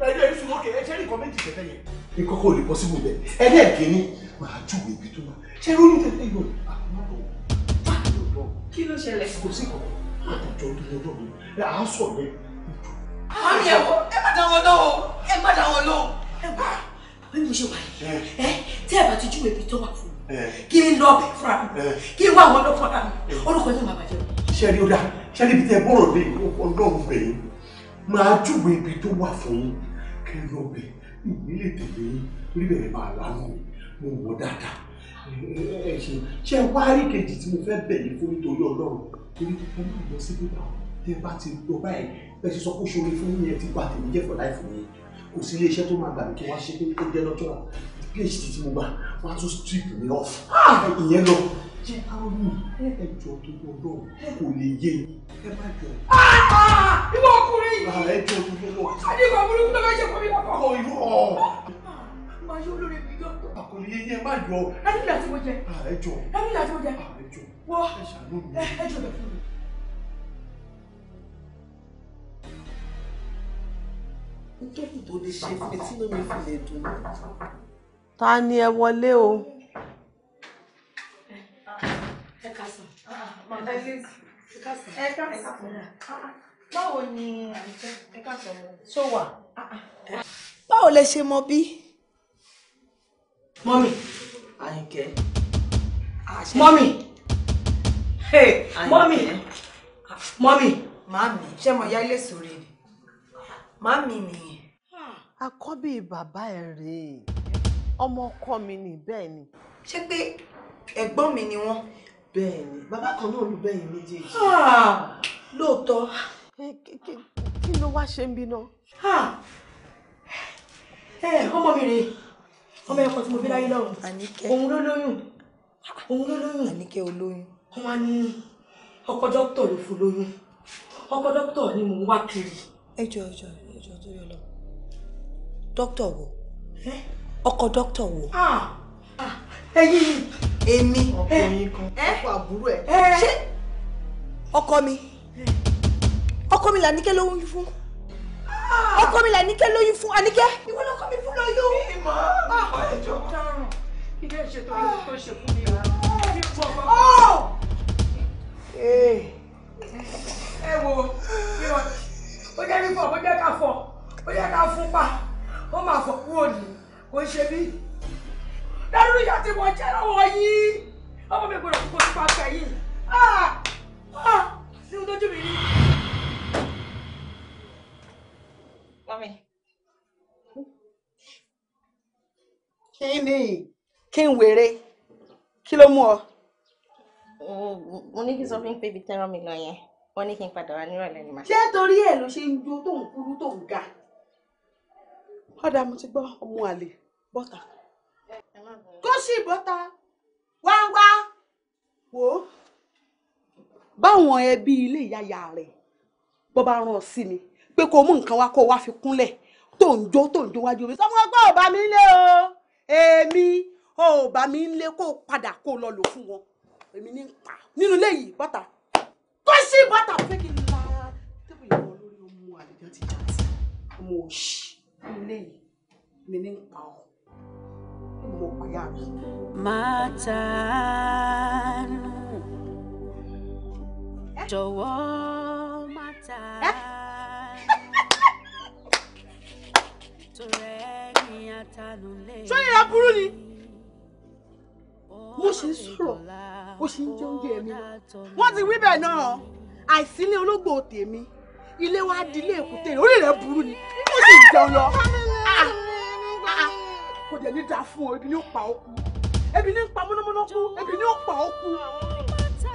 ẹjọ́ yìí sùn lókè ẹjẹ́ nìkan méjì tẹ̀tẹ̀ yẹn. ìkọ́kọ́ ò lè bọ́ síbò bẹ́ẹ̀ ẹlẹ́ẹ̀kẹ́ ni màá júwèé ibi tó wà ṣé ronú tẹ̀tẹ̀ yọ kí ló ṣẹlẹ̀. kò sí kọ̀ọ̀kan àtàjọ ọdún ọdún mi ẹ à ń sọ rẹ. àmì ẹ̀wọ̀ ẹ má dá wọn lóhùn ẹ má dá wọn lóhùn ẹ wá ah, bí mo ṣe wà yìí eh. ẹ tí ẹ bá ti júwèé ibi tó wà fún mi eh. kí n lọ bẹ fúnra mi eh. kí n wá àwọn ọdún fúnra mi olùkọ́ yóò máa bàjẹ́ mi. sẹ́ni ó dáa sẹ́ni ibi tẹ́ bọ́rọ̀ dé ọlọ́run bẹ̀yìn máa júwèé ibi tó wà fún yín kẹrù ọbẹ̀ mi lè tẹ̀lé torí bẹ̀rẹ̀ máa lánà mi mo wọ dáadáa ẹ ṣe ṣe wá rí kejì tí mo fẹ́ bẹ̀ ní fún nítorí ọlọ́run torí ẹ máa lọ sí bíbá tẹ bá ti lọ báyìí bẹ́ẹ̀ ṣe sọ pé ṣoore fún yín ẹ ti bá tèmi jẹ́ for life fún yín kò sí iléeṣẹ́ tó máa gbà mí kí wọ́n ṣe pé ó jẹ́ lọ́jọ́ phd tí mo gbà wọ́n tún strip mi off ah! ìyẹn lọ jẹ́ ká wù ẹjọ́ tó gbọ́ lọ kò lè yé mi ẹ má ah! ìwọ ọkùnrin yìí ẹjọ́ tó gbọ́ lọ. adéko burúkú tó bá jẹ́ kọ́mí pàpà. ọ̀ ìwọ ah! ọ̀. máa yọ olórí mi dọ́tọ̀. àkòrí yẹn yẹn má jọ. ẹni ìyá tí mo jẹ. ẹjọ́. ẹni ìyá tí mo jẹ. ẹjọ́. wọ́n ẹjọ́ bẹ̀ fún mi. n tó lè ṣe fún mi tí inú fi lè dùn ta ni ẹ wọlé o. báwo ni ṣó wà. báwo lẹ ṣe mọ bí. mọ́mì. àyìnkẹ́. mọ́mì. mọ́mì. mọ́mì. màámi ṣé mo yá ilé sórí ni màámi nìyẹn. àkọ́bí bàbá ẹ̀ rèé ọmọ ọkọ mi ni bẹ́ẹ̀ ni. ṣé pé ẹ̀gbọ́n mi ni wọ́n. bẹ́ẹ̀ ni bàbá kan náà ló bẹ́ẹ̀ yín méjèèjì. lóòótọ́. kí ló wá ṣe ń bí náà. ọmọ mi rèé ọmọ ẹ̀kọ́ tí mo bí láyé lọ́rùn òun ló lóyún òun ló lóyún. àníkẹ́ olóyún. wọ́n wá ní ọkọ dókítà ló fún lóyún ọkọ dókítà ni mò ń wá kiri. ẹ jọ ẹ jọ ẹ jọ tó yọ lọ dókítà wo. Eh? ọkọ dókítà wo. Ah, ah, ẹyin ni èmi ọkùnrin eh, kan eh, ọkọ àbúrò ẹ eh. ṣé ọkọ mi ọkọ mi là níkẹ́ lóyún fún ah. ọkọ mi là níkẹ́ lóyún fún àníkẹ́ ìwọ lọkọ mi fún lóyún. ìmọ̀ ọmọ ẹjọ́ dáràn ilé ìṣètò ìlú tó ṣe fún mi rà ní gbọ̀ngàn. ẹ wo ó jẹ́ kí fọ̀ ó jẹ́ ká fọ̀ ó jẹ́ ká fún pa ó máa fọ̀ kúrò nìyí kò ń ṣe bí dárú ìyá tí mo jẹ́ lọ́wọ́ yìí ọmọ mi gbọ́dọ̀ kókó tó pàṣẹ yìí ní o tójú mi rí. mami. kí ni kí n wèrè kí ló mú ọ. mo ní kí n sọ fún un pé ibi tẹ́ràn mi lọ yẹn wọ́n ní kí n padà wá nírọ̀lẹ́ ni màá. ṣé torí ẹ̀ ló ṣe ń jó tó ń kúrú tó ń ga ọ̀dà mo ti gbọ́ ọmọ àlè bọ́tà kóṣì bọ́tà wá wá wò ó báwọn ẹbí ilé ìyáyà rẹ̀ bọ́ bá rán ọ sí mi pé kó mú nǹkan wá kó wá fi kúnlẹ̀ tó ń jó tó ń jó wájú mi sọmọ ọgbọ́n ò bá mi lé o èmi ò bá mi lé kó padà kó lọ lò fún wọn èmi ní pa nínú ilé yìí bọ́tà kóṣì bọ́tà fẹ́ kí n la tébù ìwọ lórí ọmọ àlejò ti jà sí ọmọ òṣì ilé yìí mi ní pa ọ́ mo pa yá mi. máa ni mo ṣe ń sọ̀rọ̀ ó ṣe ń jẹ oúnjẹ mi wọ́n ti wí bẹ́ẹ̀ náà àìsílẹ̀ ológbò tèmi ilé wa di ilé èkúté orí rẹ̀ burú ni ó sì jẹun lọ ah, ah, ah. kò dẹ̀ ní dáa fún ọ ebi ní pa ó kú ebi ní pa múnámúná kú ebi ní pa ó kú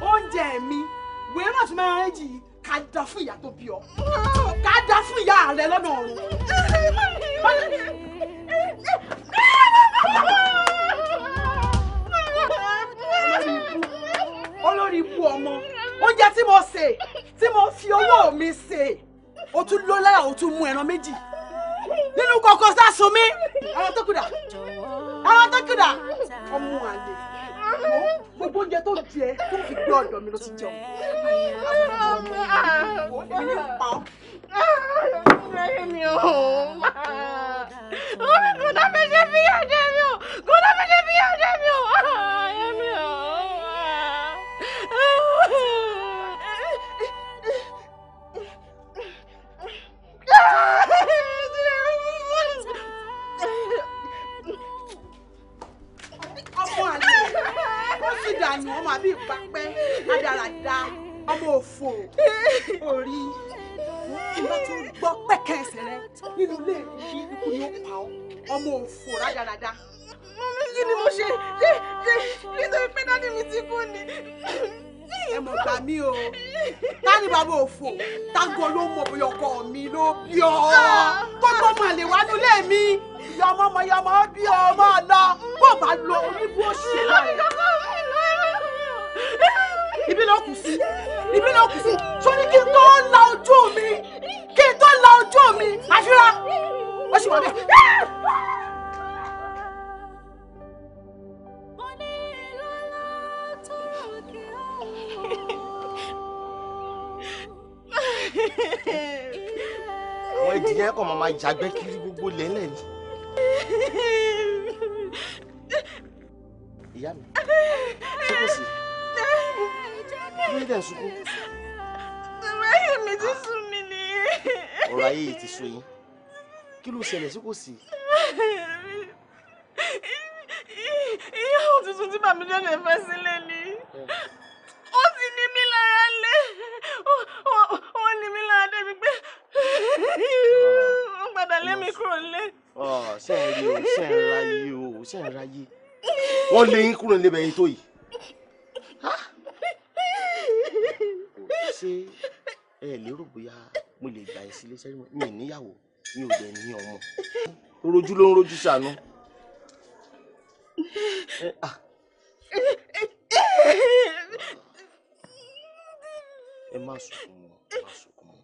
oúnjẹ mi wèé má tún máa rẹ́jì yìí ká da fún ìyá tó bí ọ ká da fún ìyá rẹ lọ́nà ọ̀run. olórí ibú ọmọ oúnjẹ tí mo sè tí mo fi owó mi ṣe o tún ló lára o tún mú ẹran méjì nínú kọkọ sásun mi àwọn tó kùdà àwọn tó kùdà ọmọ àlè gbogbo oúnjẹ tó jẹ tó fi gbé ọ̀dọ̀ mi ló ti jẹun èmi pa ọ. ọ̀nà gbà mí o tani bàbá òfò tágọ ló mọ bóyá ọkọ mi ló bí ọ kó tó mà lè wá nílé mi ìyá ọmọ ọmọ ìyá ọmọ bí ọmọ ọ̀nà bó bá lo oníbú òṣì rẹ. ibi ló kù sí ibi ló kù sí sórí kí n tó la ojú mi kí n tó la ojú mi àfihàn ó sì wà bẹ́ẹ̀. àwọn ìdíyẹ kọ̀ máa jàgbẹ́ kiri gbogbo lẹ́lẹ̀ ni. ìyá mi ṣé kò sí kí ló dé sunkún. ìwáyé mi ti sún mi ni. ọ̀rọ̀ ayé yìí ti sún yín kí ló ṣẹlẹ̀ sí kò sí. ìyá òtútù tí bàmí jọ́dẹ̀ fẹ́ sílẹ̀ ni ó sì ní mí lára lé wọ́n ní mí lára débi pé wọ́n padà lé mi kúrò lé. ṣé ẹ rí o ṣé ẹ ráyé o ṣé ẹ ráyé wọ́n lé yín kúrò níbẹ̀ yín tó yìí. ṣé ẹ lérò bóyá mo lè gbà ẹ sílé sẹ́yìn mi níyàwó mi ò dẹ̀ ní ọmọ rojú ló ń rojú sànú. ẹ má sunkún mọ́ ẹ má sunkún mọ́.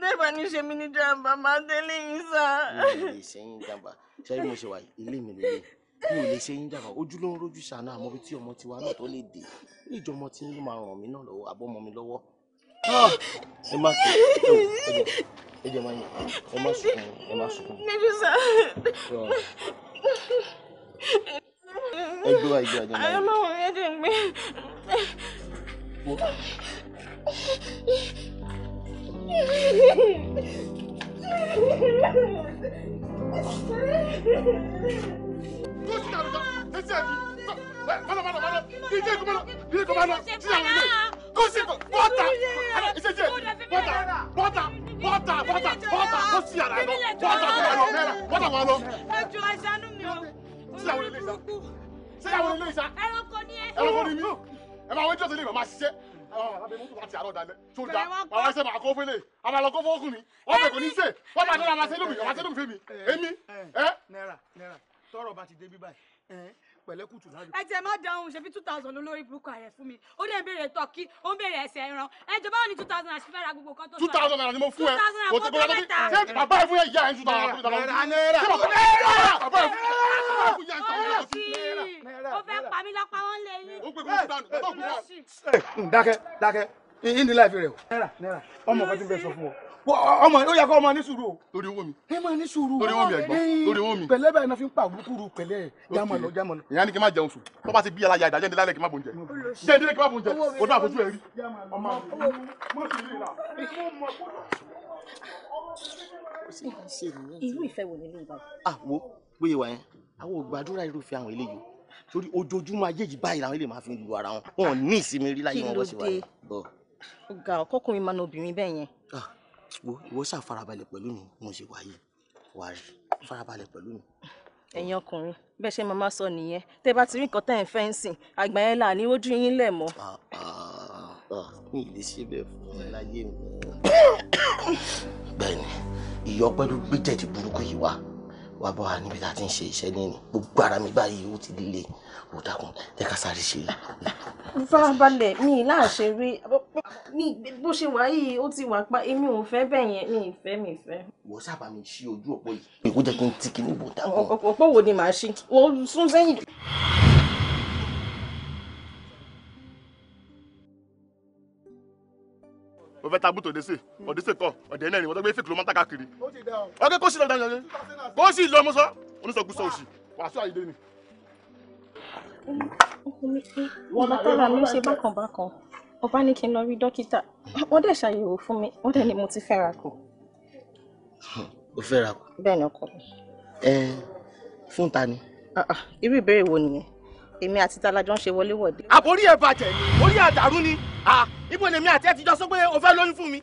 dẹ́gbà ní ṣe mí ní jàǹbá máa délé yín sá. mi ò lè ṣe yín jàǹbá mo ṣe wà ilé mi lè mi ò lè ṣe yín ojú ló ń rojú ṣàánú àmọ́ bí tí ọmọ tiwa náà tó lè dé ìjọmọ tí ń máa ràn mí náà lọ́wọ́ àbọ̀mọ mi lọ́wọ́ ah! ẹ má kí ẹ jẹ máa yẹ ẹ má sunkún ẹ má sunkún. ẹ gbé wa ìgbé ajá náà. àyàmọ̀ wọ̀nyí ẹ jẹ́ gbé ẹranko ni ẹ. ẹranko ni mí ẹ máa wọ́n jọ́sìn lè máa ṣiṣẹ́ alábẹ́ mọ́tò láti àárọ̀ dalẹ̀ tó da àwọn ẹsẹ̀ máa kó fẹ́lẹ̀ àwọn àlọ́ kó wọ́n bẹ̀ kò ní ṣe wọ́n bá dọ́là máa ṣe lómi àwọn àṣẹ lómi fẹ́ mi eh, èmi. náírà eh, eh? náírà tọrọ bá ti dé bí pẹ̀lẹ́kùtù láàbì. ẹ tiẹ̀ má dáhùn ṣe fi two thousand olórí burúkú ààrẹ fún mi ó dẹ̀ ń béèrè tọ́kí ó ń béèrè ẹsẹ̀ ẹran ẹ jọba ò two thousand àti fẹ́ra gbogbo kan tó sọ. two thousand naira ni mo fún ẹ o ti bọ́lá tóbi ṣé bàbá ẹ fún yẹ ìyá ẹ two thousand àti fẹ́ra gbogbo kan tó sọ. ó fẹ́ pa mí lápá wọn lé yín. ó pè kó dákẹ́ dákẹ́ ìdílé àìfi rẹ̀ o. ọmọ kan ti bẹ sọ fún ọ ọmọ ó yẹ kó ọmọ ní sùúrù o. lórí owó mi. ẹ máa ní sùúrù. lórí owó mi ẹ̀gbọ́n lórí owó mi. pẹ̀lẹ́ báyìí náà fi ń pa òwúrúkúrú pẹ̀lẹ́ jámọ lọ jámọ lọ. ìyá ni kí n má jẹun sùn tó bá ti bí aláya ìdájẹ́ ní lálẹ́ kí n má bóúnjẹ. jẹ́ ìdílé kí n má bóúnjẹ o dún àfojú ẹ̀ rí. ọmọ mo sì rí i rà. irú ìfẹ́ wo nílé ìbá. àwo gbóyè wà yẹn àwọn ò gbàdúrà torí ojoojúmọ́ ayé báyìí làwọn eléyìí máa fi lu ara wọn wọn ò ní ìsinmi rí láyé wọn bó ṣe kí ló dé ọgá ọkọkùnrin máa ń obìnrin bẹ́ẹ̀ yẹn wo ìwọ ṣáà farabalẹ̀ mi mo ṣe wà wà rí farabalẹ̀ pẹ̀lú mi. ẹ̀yin ọkùnrin bẹ́ẹ̀ ṣe màmá sọ nìyẹn tẹ́ bá ti rí nǹkan tẹ́ ẹ̀ ń ń sìn àgbà yẹn là ní ojú yín lẹ̀ mọ́. Ah, ah, ah, mi lè ṣe bẹ́ẹ̀ fún ẹ láyé mi. bẹ́ẹ̀ ni ló gbé jẹ̀dí burúkú yìí wá wà bá wa níbi tá a ti ń ṣe iṣẹ́ lẹ́nu gbogbo ara mi báyìí ó ti líle ó dákun jẹ́ ká sáré ṣe là. farabalẹ̀ mi láàṣẹ rí mi bó ṣe wà yìí ó ti wà pa èmi ò fẹ́ bẹ́ẹ̀ yẹn mi ì fẹ́ mi ì fẹ́. wọ́n sábà mi ṣí ojú òpó yìí èkó jẹ́ kí n ti kí ní bò dáhùn. òpó wo ni màá ṣí wọ́n sún sẹ́yìn. fẹ́ ta bùtò òdèsè òdèsè kọ ọ̀dẹ̀ náà ni wọ́n tó gbé fèkì ló máa ń ta káàkiri. ọkẹ́ kó sì lọ dáná kó sì lọ mọ́sọ́ oníṣọ́gbùsọ òsì wàásù àyídé ni. ọmọ tára mi ṣe bákanbákan ọba ní kí n lọ rí dókítà wọ́n dẹ̀ ṣàyẹ̀wò fún mi wọ́n dẹ̀ ni mo ti fẹ́ra kù. o fẹ́ra kù. bẹ́ẹ̀ ni ọkọ mi. ẹ fún ta ni. Ah, ah, irú ìbéèrè wo nìyẹn èmi àti ta la jọ ń ṣe wọléwọ̀de. àbórí ẹ bàjẹ́ orí àdàrú ni ibo lèmi àti ẹ ti jọ sọ pé o fẹ́ lóyún fún mi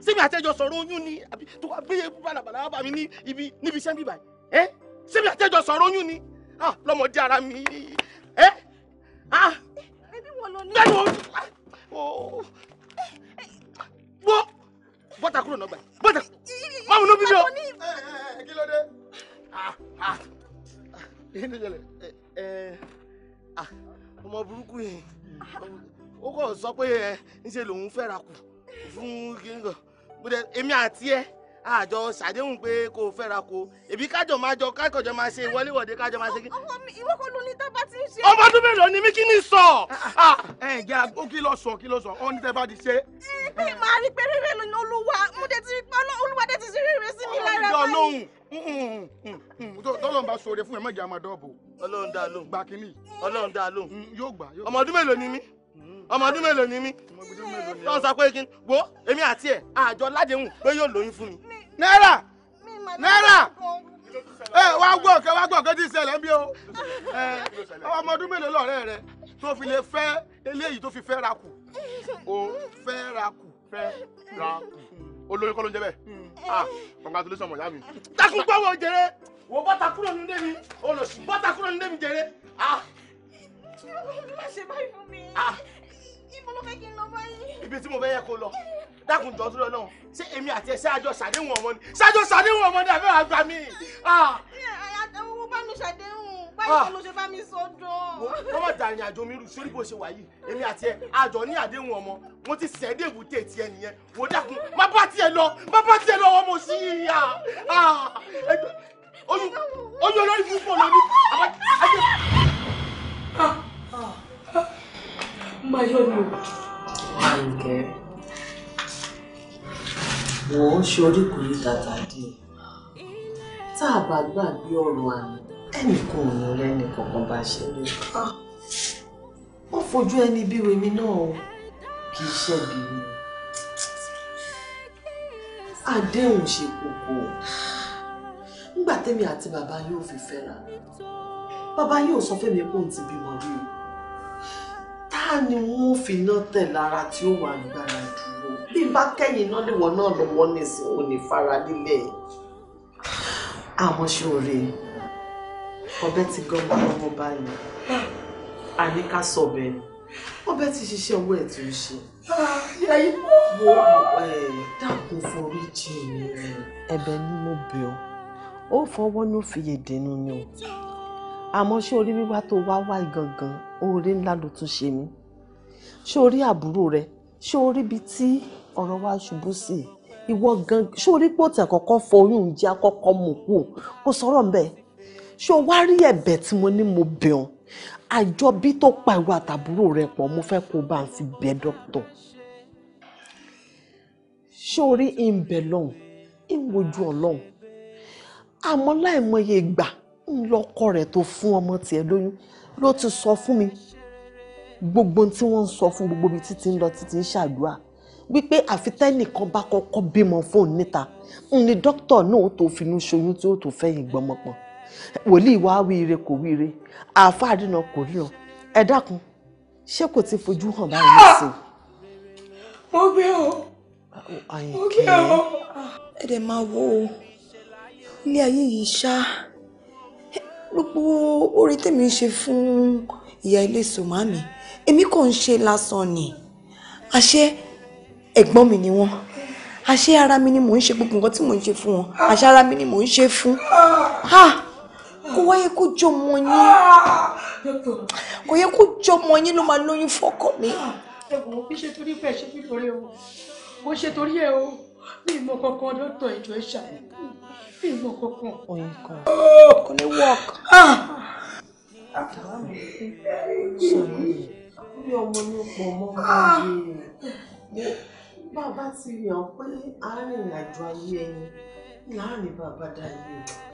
síbi àtẹ́jọ sọ̀rọ̀ oyún ni àbí tó wá gbé balabala bá mi ní ibi níbi iṣẹ́ bíbá ẹ síbi àtẹ́jọ sọ̀rọ̀ oyún ni lọ́mọdé ara mi ẹ. ẹbí wo ló ní. bẹ́ẹ̀ni o wọ́ bọ́tà kúrò náà gbà bọ́tà máa mú un lóbi mi o. kí ló dé ọmọ burúkú yìí ó kọ̀ sọ pé ẹ ńṣe lòun fẹ́ra kù fún kíngọ̀ èmi àti ẹ àjọ ṣàdéhùn pé kò fẹ́ra kù èmi kájọ máa jọ kákọ̀jọ máa ṣe ìwọléwọ̀de kájọ máa ṣe kí. ọmọ mi ìwọ kọ́ ló ní tábà tí ń ṣe. ọmọ ọdún mélòó ni mí kí ni sọ. Ah, ah, ẹ ẹ jẹ́ àgbo kí lọ sọ kí lọ sọ ọ ní tẹ́ bá ti ṣe. ẹ pé rí pé rere lóyún olúwa mo dé ti rí pé olúwa dé ti ṣe rere sí mi lára báyìí. Mm-hmm. Mm-hmm. tọ́lọ́n bá sọ̀rọ̀ fún ẹ mọ̀jẹ̀ àmọ́ dọ́ọ̀bù. ọlọ́run dá lóhùn. gbà kínní. ọlọ́run dá lóhùn. Mm, yóò gbà. Mm. ọmọ ọdún mélòó ni mí ọmọ ọdún mélòó ni mí sọ pé èmi àti ẹ̀ àjọ ládéhùn pé yóò lóyún fún mi. náírà náírà wá gbọ́ wá gbọ́ bí o ọmọ ọdún mélòó lọ́rẹ́ rẹ tó fi lè fẹ́ eléyìí tó fi fẹ́ fẹ́ fẹ́ olórí kọ́ ló ń jẹ bẹ́ẹ̀ hmm. ah congratulations mọ̀ yá mi. takun gbọ́wọ́ jẹrẹ wo bọ́ta kúrò nílé mi olùsí bọ́ta kúrò nílé mi jẹrẹ ah. má ṣe báyìí fún mi ah. ibo ló fẹ́ kí n lọ báyìí. ibi tí mo fẹ́ yẹ kó lọ dákun jọ tó lọ náà ṣé èmi àti ẹ ṣáájọ ṣàdéhùn ọmọ ni ṣáájọ ṣàdéhùn ọmọ ni àbẹ́wò àgbà mi. àyàtọ̀ ah. owó bá mi ṣàdéhùn báyìí ah. ló ṣe bá mi sọdọ. wọ́n mọ̀ dàrin àjò mi rù sórí bó ṣe wà yìí èmi àti ẹ àjọ ní àdéhùn ọmọ mo ti sẹ́ dé èbúté tiẹ̀ nìyẹn wò dákun má bá tiẹ̀ lọ má bá tiẹ̀ lọ ọmọ sí i yà oyún oyún olórí fún fún olórí àbájáde. Ah, ah, Mayọ̀ ni o. Àyìnkẹ́, wọ́n ṣorí kùrí tàtà díẹ̀. Tá a bá gbàgbé ọ̀rọ̀ àná ẹnìkan ò ní rẹ́ni kankan bá ṣe lé wọ́n ah. fojú ẹni bí wèmi náà kì í ṣẹ̀bi mi àdéhùn ṣe kókó nígbà tẹ́mi àti bàbá yóò fi fẹ́ra bàbá yóò sọ fẹ́mi pé òun ti bímọ rí o tá ni wọ́n fi iná tẹ̀ lára tí ó wà gbára dúró bí bá kẹ́yìn iná léwọ́ náà lọ́wọ́ nísìnyí ò ní fara lílẹ̀ àmọ́ ṣe òre ọbẹ̀ ti gan mọ́ ọmọ báyìí àní ká sọ bẹ́ẹ̀ ni ọbẹ̀ ti ṣiṣẹ́ owó ẹ̀ tó ń ṣe. wo dákun forí jì mí. ẹ̀bẹ̀ ni mo bẹ̀ ọ́ ó fọwọ́ ló fìyè dènù ni o àmọ́ ṣé orí wíwá tó wá wá gangan oore ńlá ló tún ṣe mí ṣé orí àbúrò rẹ ṣé orí ibi tí ọ̀rọ̀ wa ṣubú sí ìwọ gan ṣé orí pòtì àkọ́kọ́ fọ oyún jẹ́ àkọ́kọ́ mọ̀ kú kó sọ̀rọ̀ mbẹ́ẹ́ ṣé o wá rí ẹ̀bẹ̀ tí mo ní mo bẹ̀ ọ́n àjọbí tó pa ìwọ àtàbúrò rẹ pọ̀ mo fẹ́ kó bá ń fi bẹ dọ́kítọ̀ ṣé o rí ń bẹ lọ́hùn ń wojú ọlọ́hùn àmọ́ láìmọye ìgbà ń lọ́kọ rẹ̀ tó fún ọmọ tiẹ̀ lóyún ló ti sọ fún mi gbogbo tí wọ́n ń sọ fún gbogbo ibi títí ń lọ títí ń ṣàdúrà wípé àfi tẹ́nìkan bá kọ́kọ́ bímọ fóun níta ń ní dókítà náà ó tó finú ṣoyún tí ó tó fẹ́yìn gbọmọpọ̀n wòlíì wá wíire kò wíire àáfà àdínà kò ríran ẹ dákun ṣé kò ti fojú hàn báyìí ah! sí. mo gbé o mo gbé o. ẹ dẹ̀ máa wo ilé ayé yìí ṣá gbogbo oore tèmi ń ṣe fún ìyá ilé sòmámì èmi kò ń ṣe lásán ni àṣé ẹ̀gbọ́n mi ni wọ́n àṣé ara mi ni mò ń ṣe gbogbo nǹkan tí mò ń ṣe fún wọn àṣé ara mi ni mò ń ṣe fún. Ah! kò wáyé kó jọ ọmọ yín kò yẹ kó jọ ọmọ yín ló máa lóyún fọkọ mi. ẹ̀gbọ́n bí ṣe torí bẹ́ẹ̀ ṣe nítorí o bó ṣe torí ẹ e o ní ìmọ̀ kankan lọ́tọ̀ ìjọ ìṣà ní ìmọ̀ kankan. oyin kan kò ní work. bí ọmọ ní pọ̀ mọ́ ọmọdé bàbá ti yàn pé àárín ìrìnàjò ayé ẹni láàrin bàbá dá yìí o.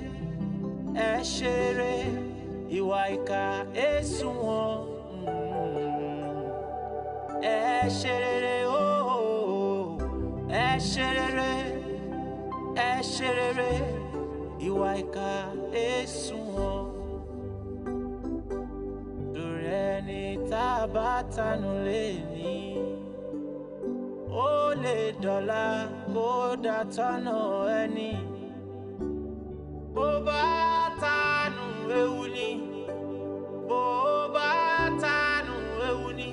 ẹ ṣeré ìwà ìkà èsù wọn ẹ ṣeré ooo ẹ ṣeré ẹ ṣeré ìwà ìkà èsù wọn lórí ẹni tá a bá ní ó lè dọ̀la kó dàtọ́nà ẹni bó bá tanù ewu ni bó bá tanù ewu ni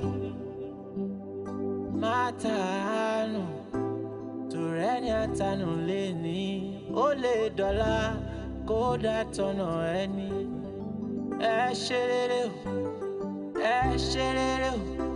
má tanù tòrẹ́ni àtanù lè ní ẹ ṣe rere o ẹ ṣe rere o.